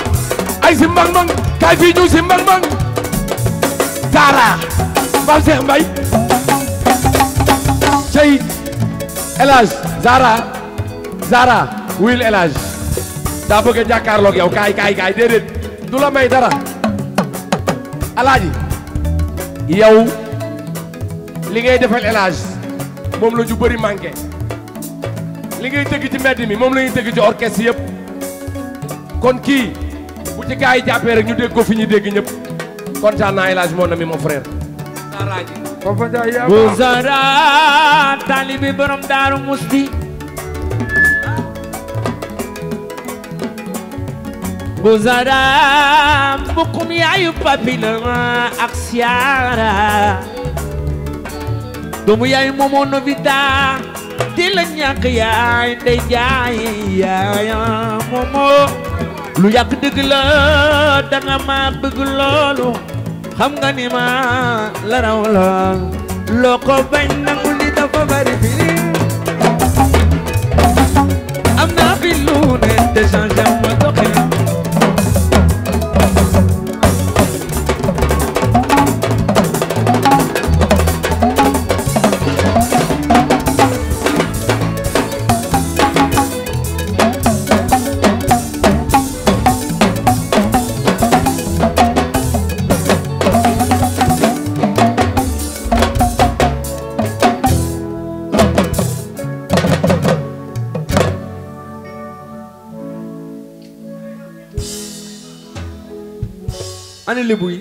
ay si mbang mbang kaay fii si mbang mbang taara bam Cheikh Mbaye cey elage zara zara wil elage daa bëgg a jàkkaarloog yow kaay kaay kaay déedéet du la may dara alaaji yow li ngay defal élage moom la ñu bëri manqué li ngay tëgg ci mbedd mi moom la ñuy tëgg ci orchestre yëpp kon kii bu ci gars jàppee rek ñu dégg ko fi ñuy dégg ñëpp kontaan naa élage moo na mi bu zara taalibi borom daaru musdi bu zara mbukum yaayu papi la ma ak siyaara doomu yaay moomoo novita di la ñàkk yaay ndey lu yàgg dëgg la danga ma bëgg loolu xam la raw loo ko bañ nangu li dafa bari firi am naa fi ne te changé ma doxin ne lébu yi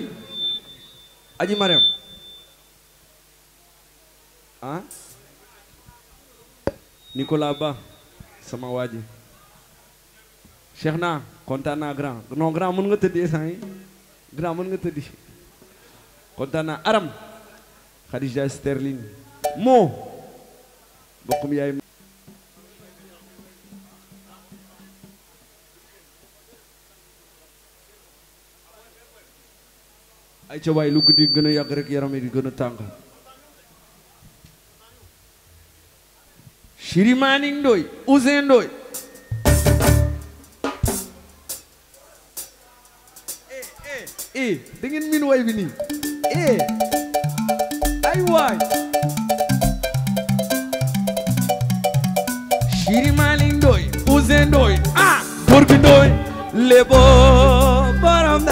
aji Mariam ah Nicolas Ba sama waa ji na naa kontaan naa grand noo grand mën nga tëddi instant yi grand mën nga tëddi kontaan naa Aram Khadija Sterling moo bokkum yaay ay ca waay lu guddi gën a yàgg rek yaram yi di gën a tàng Chirimani Ndoye Ouzin Ndoye eh, eh, eh, da ngeen miin way bi nii eh ay waay Chirimani Ndoye Ouzin Ndoye ah buur bi Ndoye lebo borom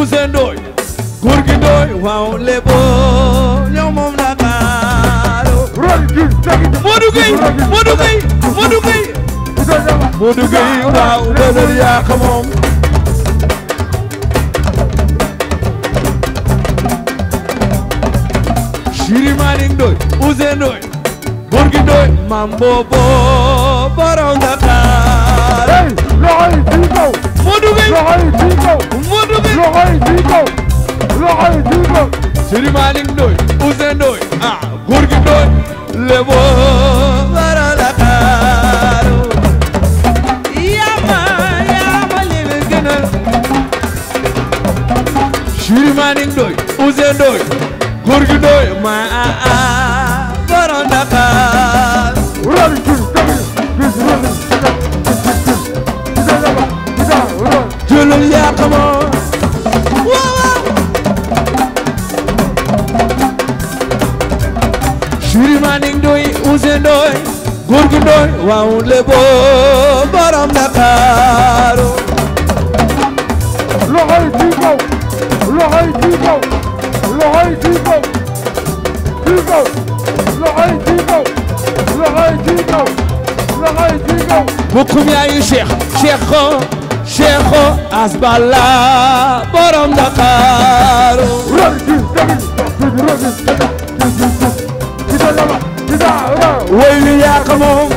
Ousseyn Ndoye góor gi Ndoye waaw lébo ñoom moom Ndakaaru Modou Gueye Modou Gueye Modou Gueye Modou Gueye waaw dëgg yaa ko moom Jiri Malick Ndoye Ousseyn Ndoye góor gi Ndoye maam boobo borom Ndakaaru loxo yi ci kaw Modou Gueye loxo yi ci kaw Modou Gueye loxo yi ci kaw loxo yi ci gi Ndoye lebo bara la xaaru yama yama li la gënal Serigne Malick Ndoye Ousseyn Ndoye ah, gi Ndoye ma ah ah borom yéen yaa xamoo waaw Choury Maning Ndoye Ousseyn Ndoye Gorgui Ndoye waaw le beau borom Ndakaaru loxo yi ci kaw loxo yi ci kaw loxo yi ci kaw ci kaw loxo yi ci kaw loxo yi ci kaw Cheikho Asbala borom Ndakaaru way wi yaa ko moom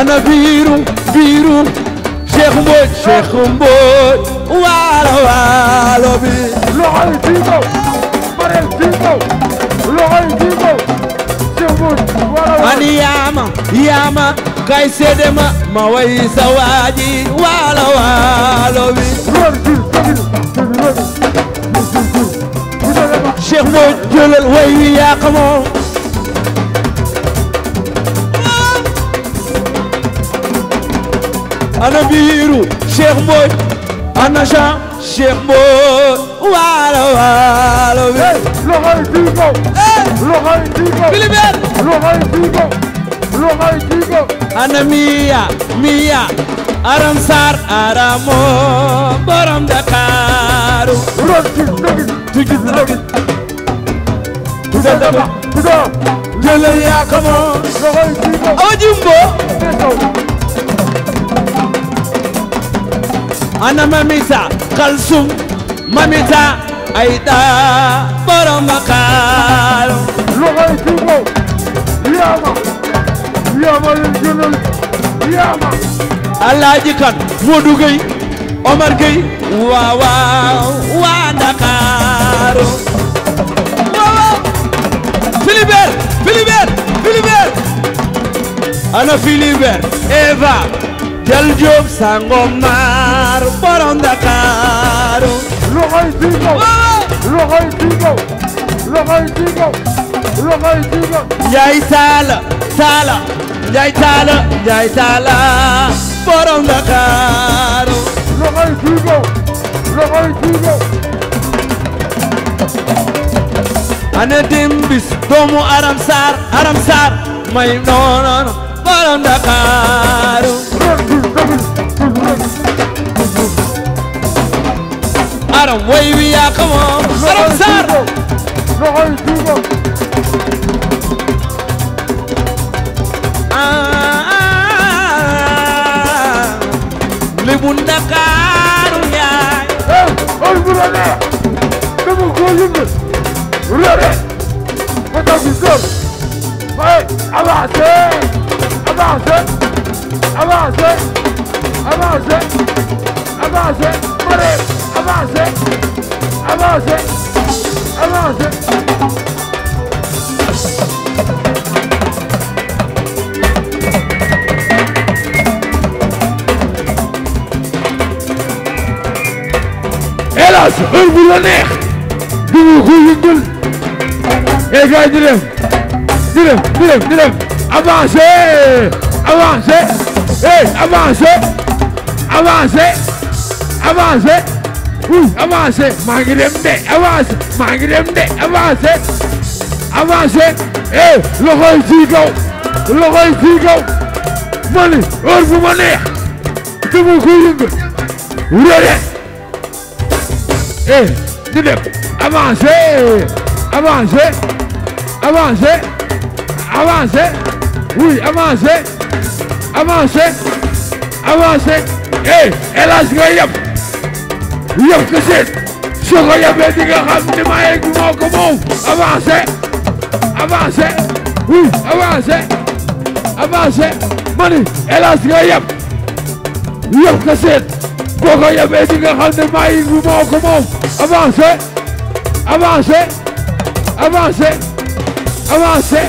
ana biiru biiru Cheikh Mbodj Cheikh Mbodj waalo waalo bi loxo yi ci kaw bare ci kaw loxo yi ci waalo waalo bi ana biiru Cheikh Mbow ana Jean Cheikh Mbodj waalo waalo wi loxoy diigo loxoy diigo Philibert loxoy diigo loxoy diigo ana miya miya aram sar aramo borom Dakaru ron ci negi ci gis negi tudaba tudaba jëlal yaa ko moom loxoy diigo awa jumbo ana mamisa kalsum mamisa ayda borom maqaal loxoy suuko yaama yaama leen gënal yaama alaaji kan Modou Gueye Omar Gueye waaw waaw waa Ndakaaru waaw Philibert Philibert Philibert ana Philibert Eva Jal Diop Sangoma sacaron. Loxoy Dingo. Loxoy Dingo. Loxoy Dingo. Loxoy Dingo. Njaay Saala Saala. Njaay Saala Njaay Borom Ndakaaru. Loxoy Dingo. Loxoy Dingo. Ana dem doomu Aram Sarr Aram Sarr may noonu borom Ndakaaru. saaram way wi yaa ko moom saram saar loxoy tuuba li mu Ndakaaru yaay ay bu la neex dama ko yëngal rëre ma tax bi góor may avancé avancé avancé avancé avancé avancé avancé avancé hélas heure bu la neex di nga ko yëngal et gars di dem di dem di dem di dem avancé avancé eh avancé avancé avancé avancé maa ngi dem de avancé maa ngi dem de avancé avancé eh loxoy ci kaw loxoy ci kaw ma ne heure bu ma neex dama ko yëngu wurare eh ñu dem avancé avancé avancé avancé oui avancé avancé yëpp kese su ko yëppee di nga xam ne maa ngi moo ko moom avancé avancé oui avancé avancé ma ni hélas nga yëpp yëpp kese boo ko yëppee di nga xam ne maa ngi moo ko moom avancé avancé avancé avancé.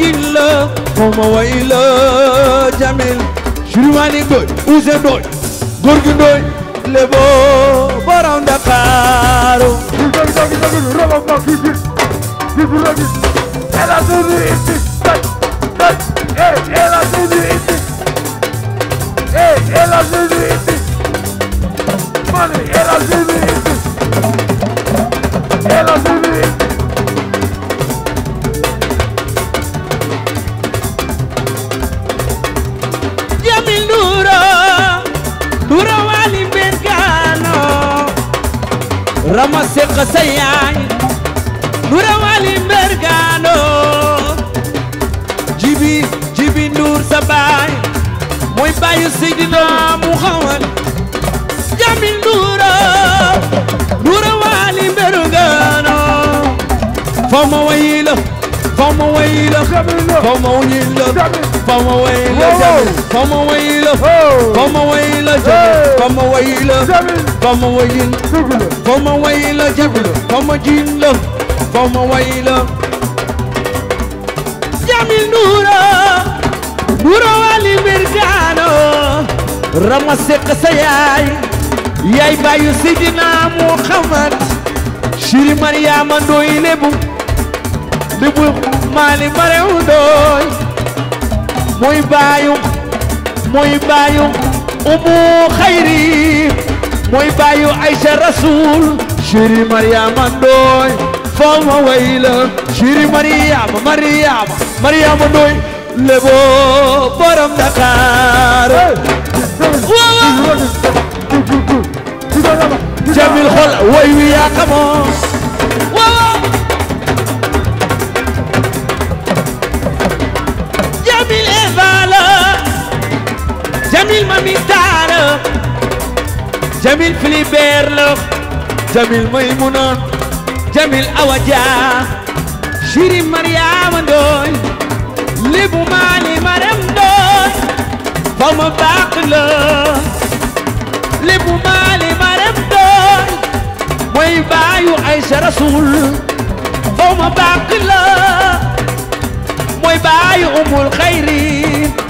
gilla mooma wayla jamil Souleymane Ndoye Ouzin Ndoye Gorgui Ndoye lebo borom Ndakaaru Hey, el azul, mani, el azul. sayani a Wali Mbergano Jibi Jibi Ndour sa mooy baayu Seydina Muhammad Jamil Ndoura Nura Wali Mbergano Fama wayi wayla fama wayla fama wayla fama wayla fama wayla fama wayla fama wayla fama wayla fama jinla fama wayla jamil nura nura wali mirgano ramase qasayay yay bayu sidina muhammad shiri maryama ndoy lebu di bu maali marew dooy muy baayu muy baayu umu xayri muy baayu Aïcha Rasoul chéri Mariama dooy foo ma way la chéri Mariama Mariama Mariama dooy lebo borom Dakar waaw jamil xol way wi yaa Jamil mami Talla Jamil Philibert la Jamil Maymuna Jamil Awa Dia Chiri Mariama Ndoy Lebu Mali Maram Ndoy Fama baax la Lebu Mali Maram Ndoy mooy baayu Aïcha Rasoul Fama baax la mooy baayu Umul Xayri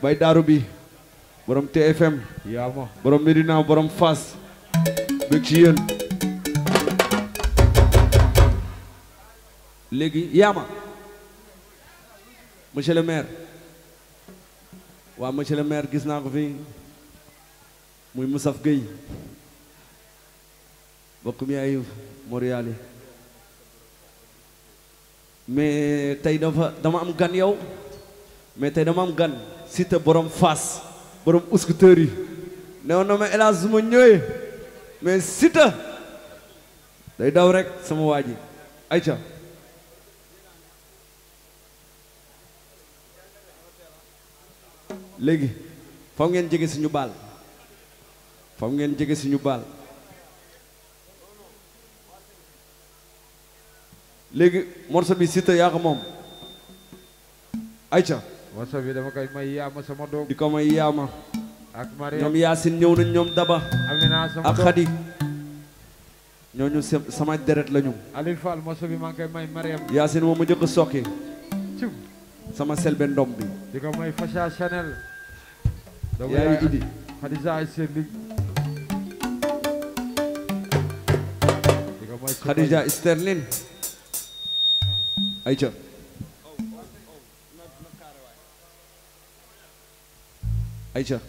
bay daaru bi borom TFM yaa boroom borom Medina borom Fass ci yéen léegi yaa ma waa monsieur gis naa ko fi muy Moussaf Gueye bokkum yaayu Montréal mais tey dafa dama am gan yow mais tey dama am gan Siteu borom Fass borom uskuteur yi neew na ma hélas su ma ñëwee mais sita day daw rek sama waa ji ayca léegi fam ngeen jege si baal fam ngeen jege si baal léegi morceau bi Siteu yaa ko moom ayca waso bi dama koy may yaama sama doom di ko may yaama ak Maria ñoom Yaasin ñëw nañ ñoom Daba Amina sama ak Khady ñooñu sama deret lañu Aliou Fall waso bi maa ngi koy may Mariam Yaasin moom ma njëkk a sokki sama selbe ndom bi di ko may Facha Chanel yaay idi Khadija ay seen Sterling ay ca Aïcha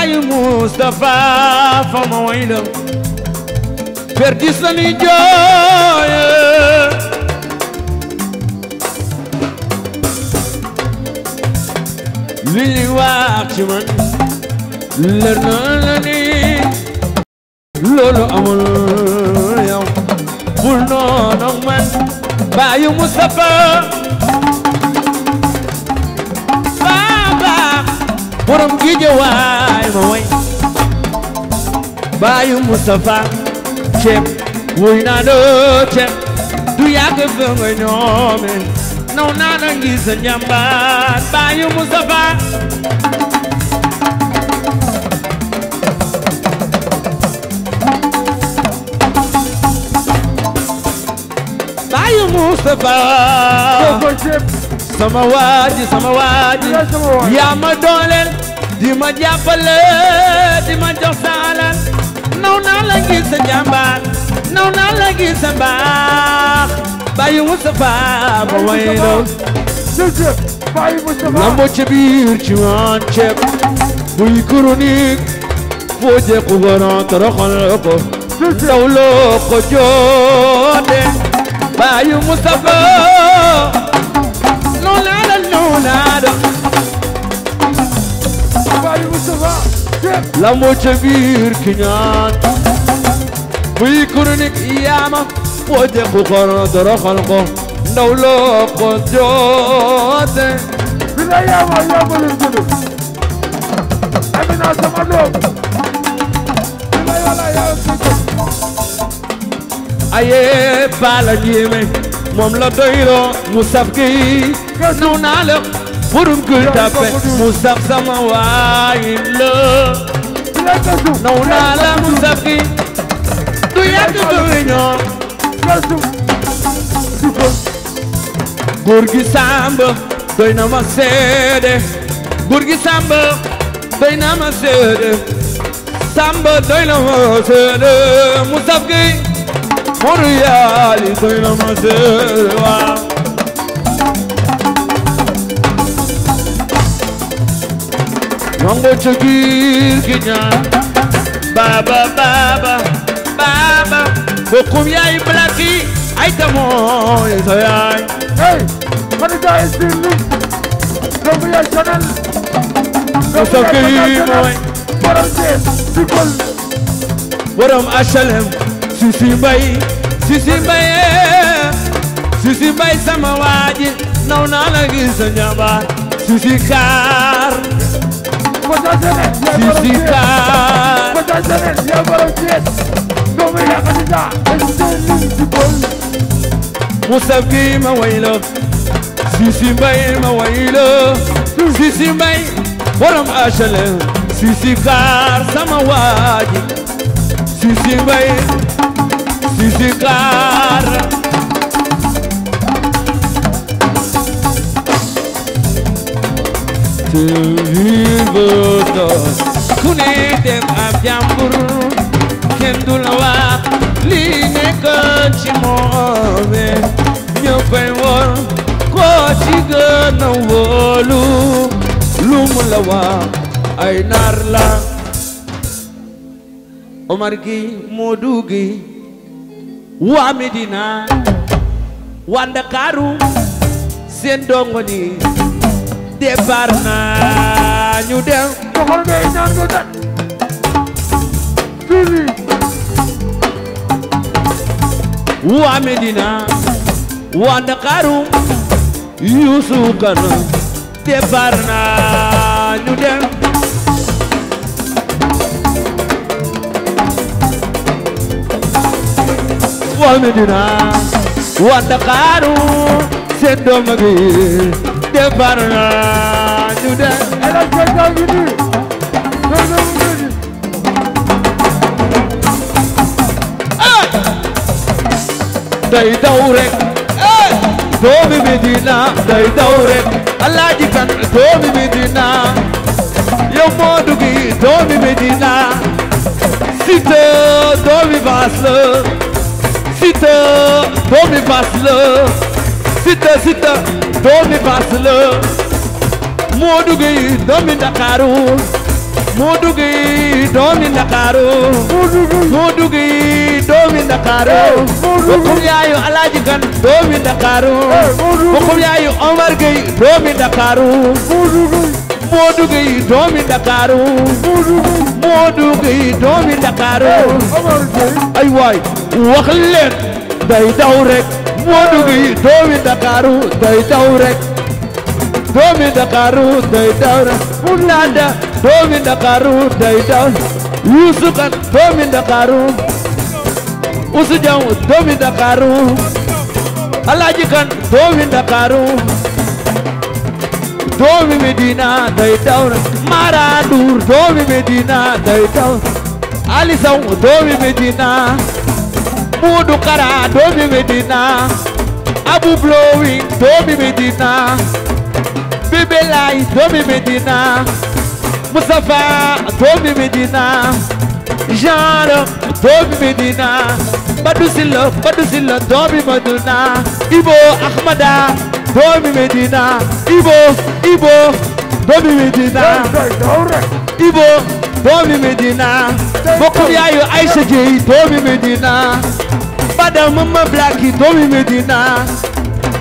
baayu Mustafa faw ma way la perdis na ni jooye li ñuy wax ci man leer na la ni loolu amul yow bul noonu man baayu Mustafa borom géejawaay ma way baayu Moustapha ceeb wuy naa ceeb du yàgg fa nga ñoome naw naa la ngi sa njàmbaat baayu sama waaji sama waaji yaa ma dooleel di ma jàppale di ma jox sa alal naw naa la ngir sa jàmbaar naw naa la ngir sa mbaax bàyyi ba wayroon lambo ci biir buy chronique foo ku goron toroxal ko ndaw loo ko joode munada Baye Moustapha ki ñaan buy kronik yaama boo dequ xor doroxal ko ndaw loo ko joote bi la yaama yaama leen gudu amina bala ñeme moom la doyro mu saf nu naa la burum gul tappe sama waayin la nu samba doy ma seede góor samba doy seede samba doy seede mu saf gi seede waaw nongo ci biir gi ñaan baaba baaba baaba bokkum yaay blaki ay tamoy sa yaay hey man jaay sirli nongo yaay chanel sa kii mooy borom jees si kol borom HLM Sisi Mbay Sisi Mbay Sisi Mbay sama waaji naw naa la gis sa ñabaar Sisi kaar Moussa Gueye ma way la Sisi Mbaye ma way la Sisi Mbaye borom HLM Sisi Kaar sama waaji Sisi Mbaye Sisi Kaar te vive doon ku ne dem ab jàmbur kenn du la wax li nekk ci moom ñoo koy wóor koo ci gën a la wax ay nar la Omar gi Moodu gi waa Medina waa Ndakaaru seen dongo ni départ naa ñu dem. waxoon nga ñaan nga jot. fii nii. waa Medina. waa Ndakaaru. Youssou Kane. départ naa ñu dem. waa Medina. waa Ndakaaru. seen doom defar naa ñu de. El Hadj Keita ngi nii. ñoom ñoo ngi nii. day daw rek. doomi Medina day daw rek. Alaaji Kan doomi Medina. yow Modou gi doomi Medina. Siteu doomi Fass la. Siteu doomi Fass la. Siteu Siteu doomi Fass la moo doomi Ndakaaru moo duggee doomi doomi Ndakaaru bokkum yaayu Alaaji doomi Ndakaaru bokkum yaayu Omar Gueye doomi Ndakaaru moo duggee doomi Ndakaaru moo ay waay wax leen day daw Modou Gueye doomi Dakaru day daw rek doomi Dakaru day daw rek moom da doomi Dakaru day daw Youssou Kane doomi Dakaru Oussou Diaw doomi Dakaru Alaaji Kane doomi Dakaru doomi Medina day daw rek Mara Ndour doomi Medina day daw Ali Sow doomi Medina Abu Dukara doomi Medina Abu Blowing doomi Medina Bibelay doomi Medina Mustafa doomi Medina Jean doomi Medina Badou Silla doomi Medina Ibo Ahmada doomi Medina Ibo Ibo doomi Medina Ibo doomi Medina bokkum yaayu Aïssa Dieye doomi Medina Badam Mama Blacki doomi Medina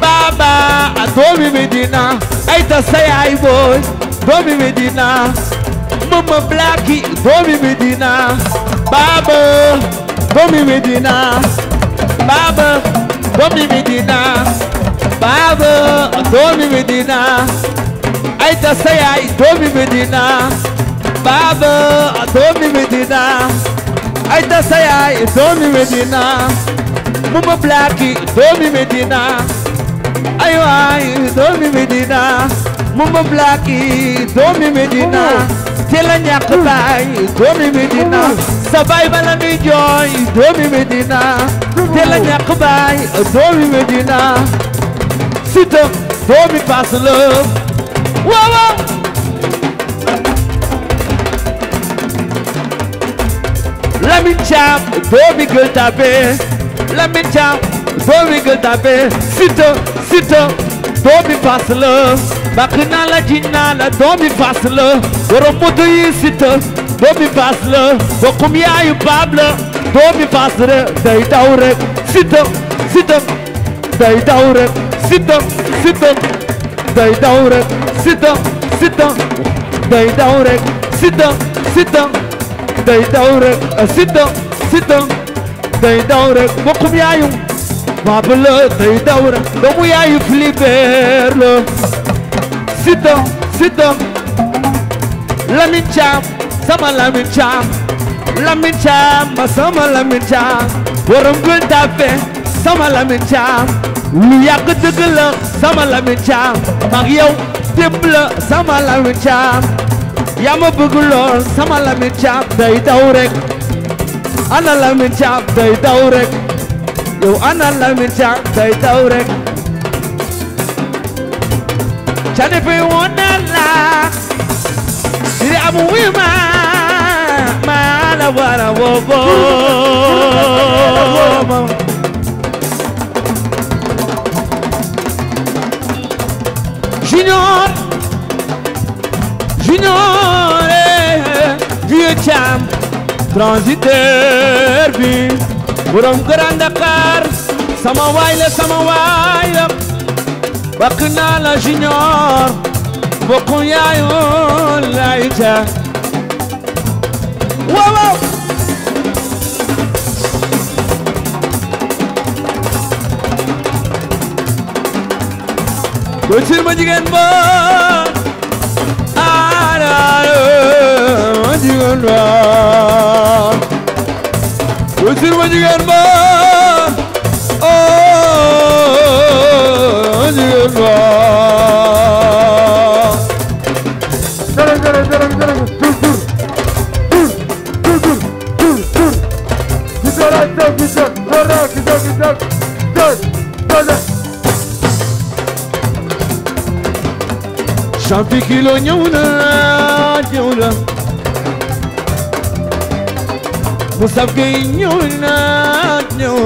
Baba a doomi Medina Aïta Sayaay Boy doomi Medina Mama Blacki doomi Medina Baba doomi Medina Baba doomi Medina Baba doomi Medina Aïta Sayaay doomi Medina baaba doomi Medina ay tasayaay doomi Medina muma blaaki doomi Medina ay waay doomi Medina muma blaaki doomi Medina tela ñàkk baay doomi Medina sa baay bala nuy jooy doomi Medina tela ñàkk baay doomi Medina sitam doomi paas la la bàq naa la ji naa la doo bi fas la borom moto yi Siteu doo bi fas la bokkum yaayu baab la doo bi fas rek day daw rek Siteu Siteu day daw rek Siteu Siteu day daw day daw rek Siteu Siteu day daw rek mbokkum yaayum baaba la day daw rek doomu yaayu Fulibert la Siteu Caam sama Lamin Caam Lamin Caam ma sama Lamin Caam borom gën tafe sama Lamin Caam lu yàgg dëgg la sama Lamin Caam mag yow démb la sama Lamin Caam yaa ma bëgg lool sama Lamine Thiam day daw rek ana Lamine Thiam day daw rek yow ana Lamine Thiam day daw rek Thiam fi woon na la di am wi ma ma Junior vieux Thiam transitaire bi borom Grand Dakar sama waay la sama waay la bakk naa la Junior bokku yaayoon lay ca waaw waaw doo ci ma jigéen ba ma jigéen ba wasiir ma jigéen ba oh ma jigéen ba cent kilo ñëw na ñëw na mu saf kay ñëw na ñëw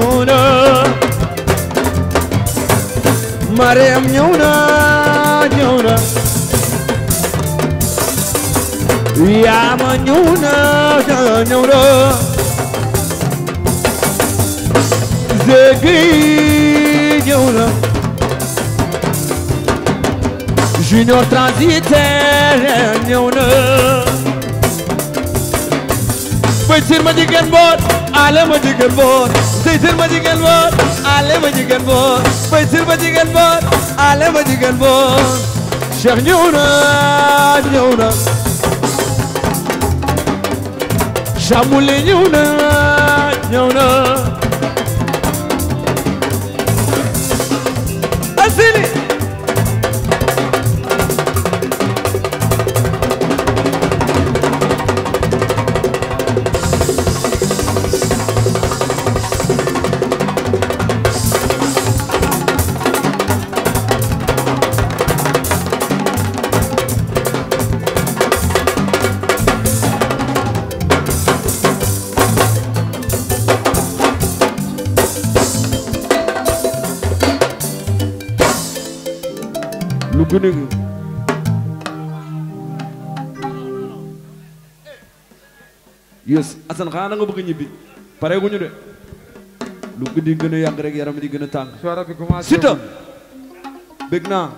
Yaama ñëw na ñëw na Zegi junior transitaire ñëw na bëj sir ma jigéen boor ale ma jigéen boor sëy sir ma jigéen boor ale ma jigéen boor bëj sir ma jigéen boor ale ma jigéen boor cheikh ñëw na na chamuli na ñëw na yées Assane xanaa na nga bëgg a ñibbi pare guñu de lu guddi gën a yàgg rek yaram di gën a tàng Siteu bëgg naa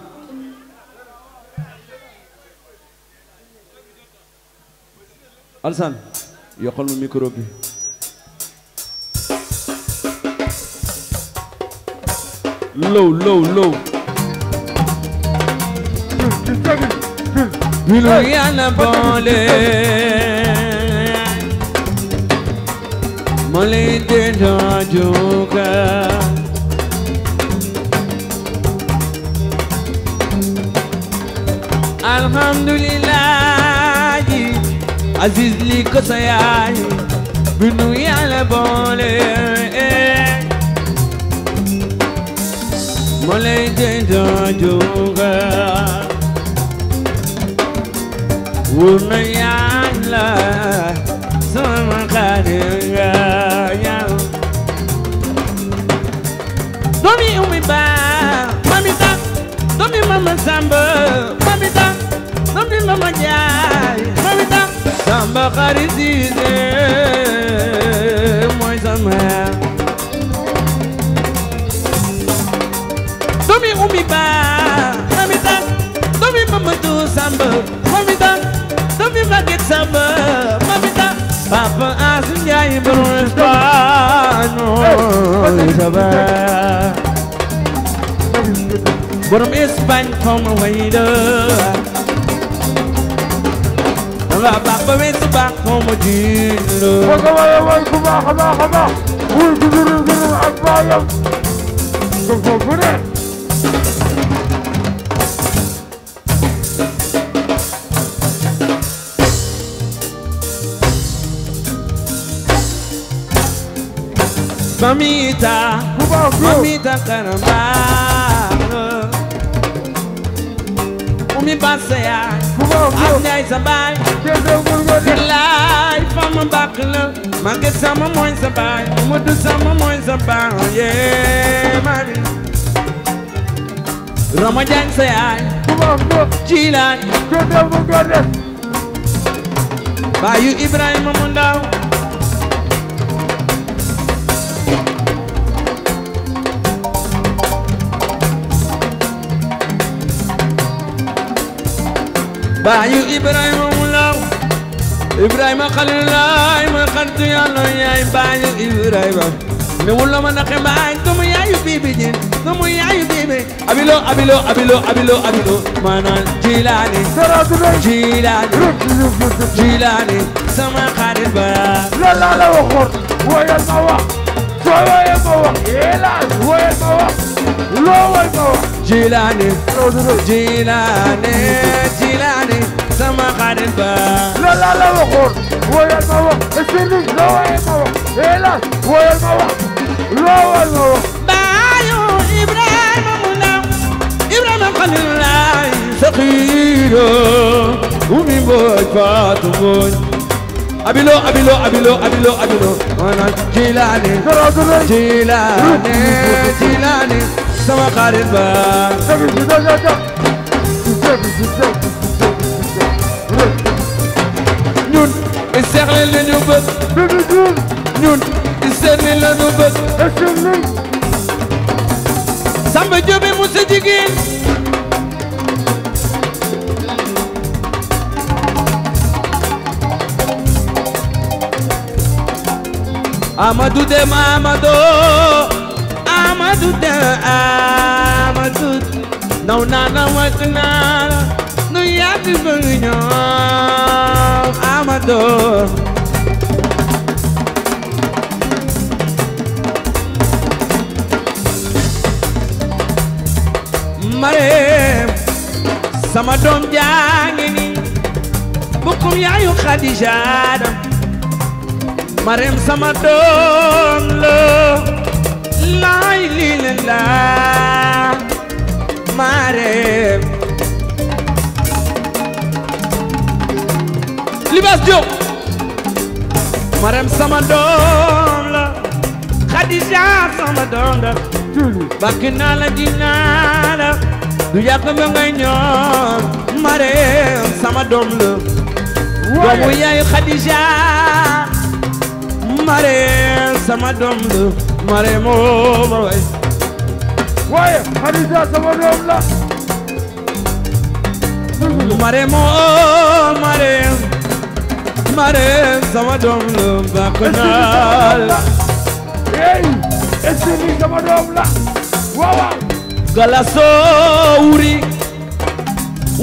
Alsane yokkal mu micro bi low low low ñu yàlla boole ma leen dendaa jooka aziz li ko sa yaay bi boole ma leen dendaa jooka wóor na yàlla sama xarit ma samba mabita samedi ma ma samba xarit mooy sama doomi umi ba mabita doomi Mamadu samba mabita doomi Maget samba mabita papa Asu Njaay borom Espagne mooy sama borom Espagne xaw ma way da nga baax ba weesu baax xaw ma jiin la ba nga waye way bu baax a baax a baax wuy ci biir gërëm ak baayam ko foofu ne Mamita, Mamita Caramba mi baax sa yaay. bu baax am yaay sa baay. jëndee góorgóorlu de. billaay fa ma baax la. ma mooy sa baay. mu du sama mooy sa baay. yee maa ngi. sa yaay. bu baax la. Jilaay. jëndee baayu Ibrahima mu ndaw. baayu Ibrahima mu law Ibrahima xalilaay man xaritu yàlla yaay baayu Ibrahima ne wula ma naqe baay doomu yaayu bibi ji doomu yaayu bibi abilo abilo abilo abilo abilo maanaam jilaani jilaani jilaani sama xarit ba loolaa la waxoon wooyal ma wax soo ma wax yeelaal wooyal ma wax loo wooyal ma wax jilaani sama xarit ba lala la waxoon wóoyal ma wax sini loo wóoyal ma wax hélas wóoyal ma wax loo wóoyal ma wax baayu Ibrahima mu ndaw Ibrahima xalilaay saxiiro umi mbooj faatu mbooj abilo abilo abilo abilo abilo maanaam jilaane jilaane jilaane sama xarit ba mel ni ñu bës duñu juum ñun seeni la ñu bës mu sa jigéen Dem Amadou Amadou na wàcc di bëgg ñoom Amadou Marème sama doom jaa ngi ni bukkum yaayu Khadija dam Marème sama doom laay lii la laa Marème Libaas Diop Marème sama doom la Khadija sama doom la bàkk naa la dinaa la du yàgg ba ngay ñoom Marème sama doom la doomu yaay Khadija sama doom la Marème oo ma waay waaye Khadija sama doom la ma doom la bàkk naa eey esiri sama doom la waawa galasoo wuri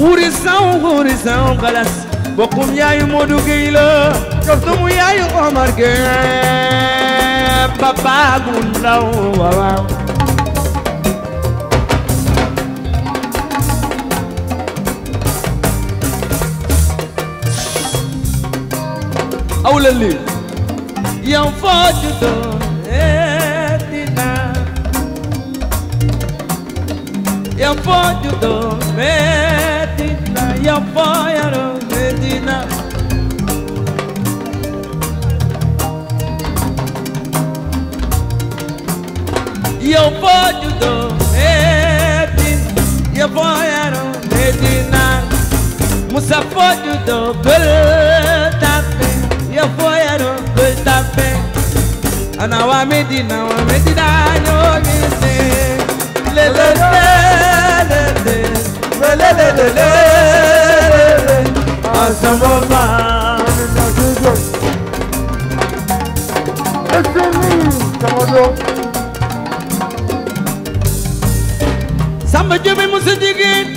wuri saw wuri saw galas bokkum yaayu Modou Gueye la doomu yaayu Omar Gueye papa gu ndaw waawa awla lii yow foo juddoo Medina yow foo juddoo Medina yow foo yaroo Medina yow foo juddoo Medina yow foo yaroo Medina Musa foo juddoo ana waa Medina waa Medina ñoo ngi ne lelele lele lelele lele asama maam na tujo eseni sama doom samba jëmi mu sa jigéen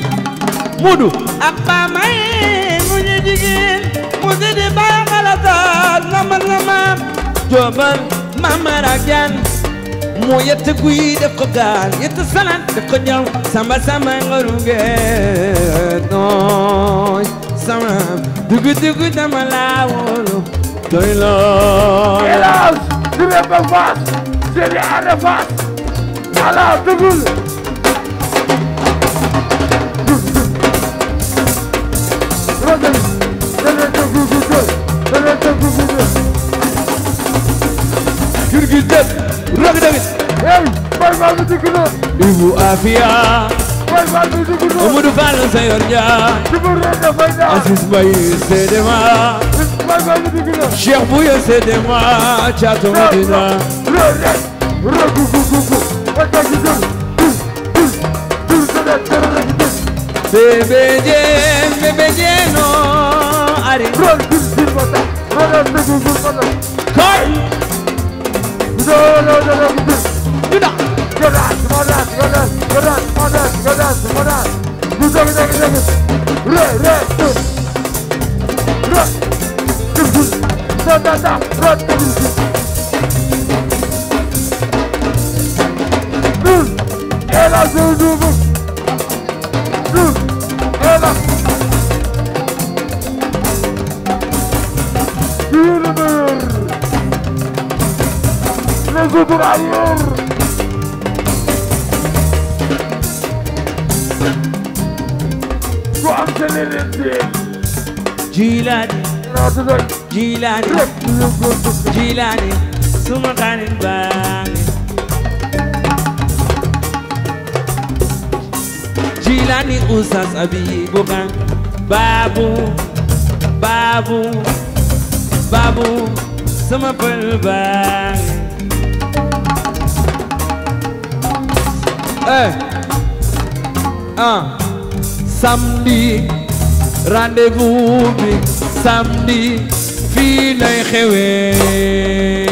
mudu ak baa may mu ñu jigéen mu si di baa xalaat na man na maam joomal maama a moo yetta guy def ko gaal yetta salaan def ko ñaw samba samba ngoruge nooy sama dugu dugu dama laa wóolu doy loo ba faas séri ana faas ala dugul Yes, Rock David. Hey, Baye Fall bi dugg na. Ibu Afia. Baye Fall bi dugg na. Amadou Fall Seyor Dia. Djibril Dafay Dia. Aziz Mbaye Sedema. Baye Fall bi dugg na. Cheikh Bouye Sedema. Thiatou Medina. Bébé Diène, bébé Diène noo. Arrête. Ela azul do ay suturaayeer du am sele leen deel jilaani raatu doy jilaani jilaani suma xanin baani jilaani usas abi bukan babu babu babu sama pël baani eh ah samedi rendez-vous xewee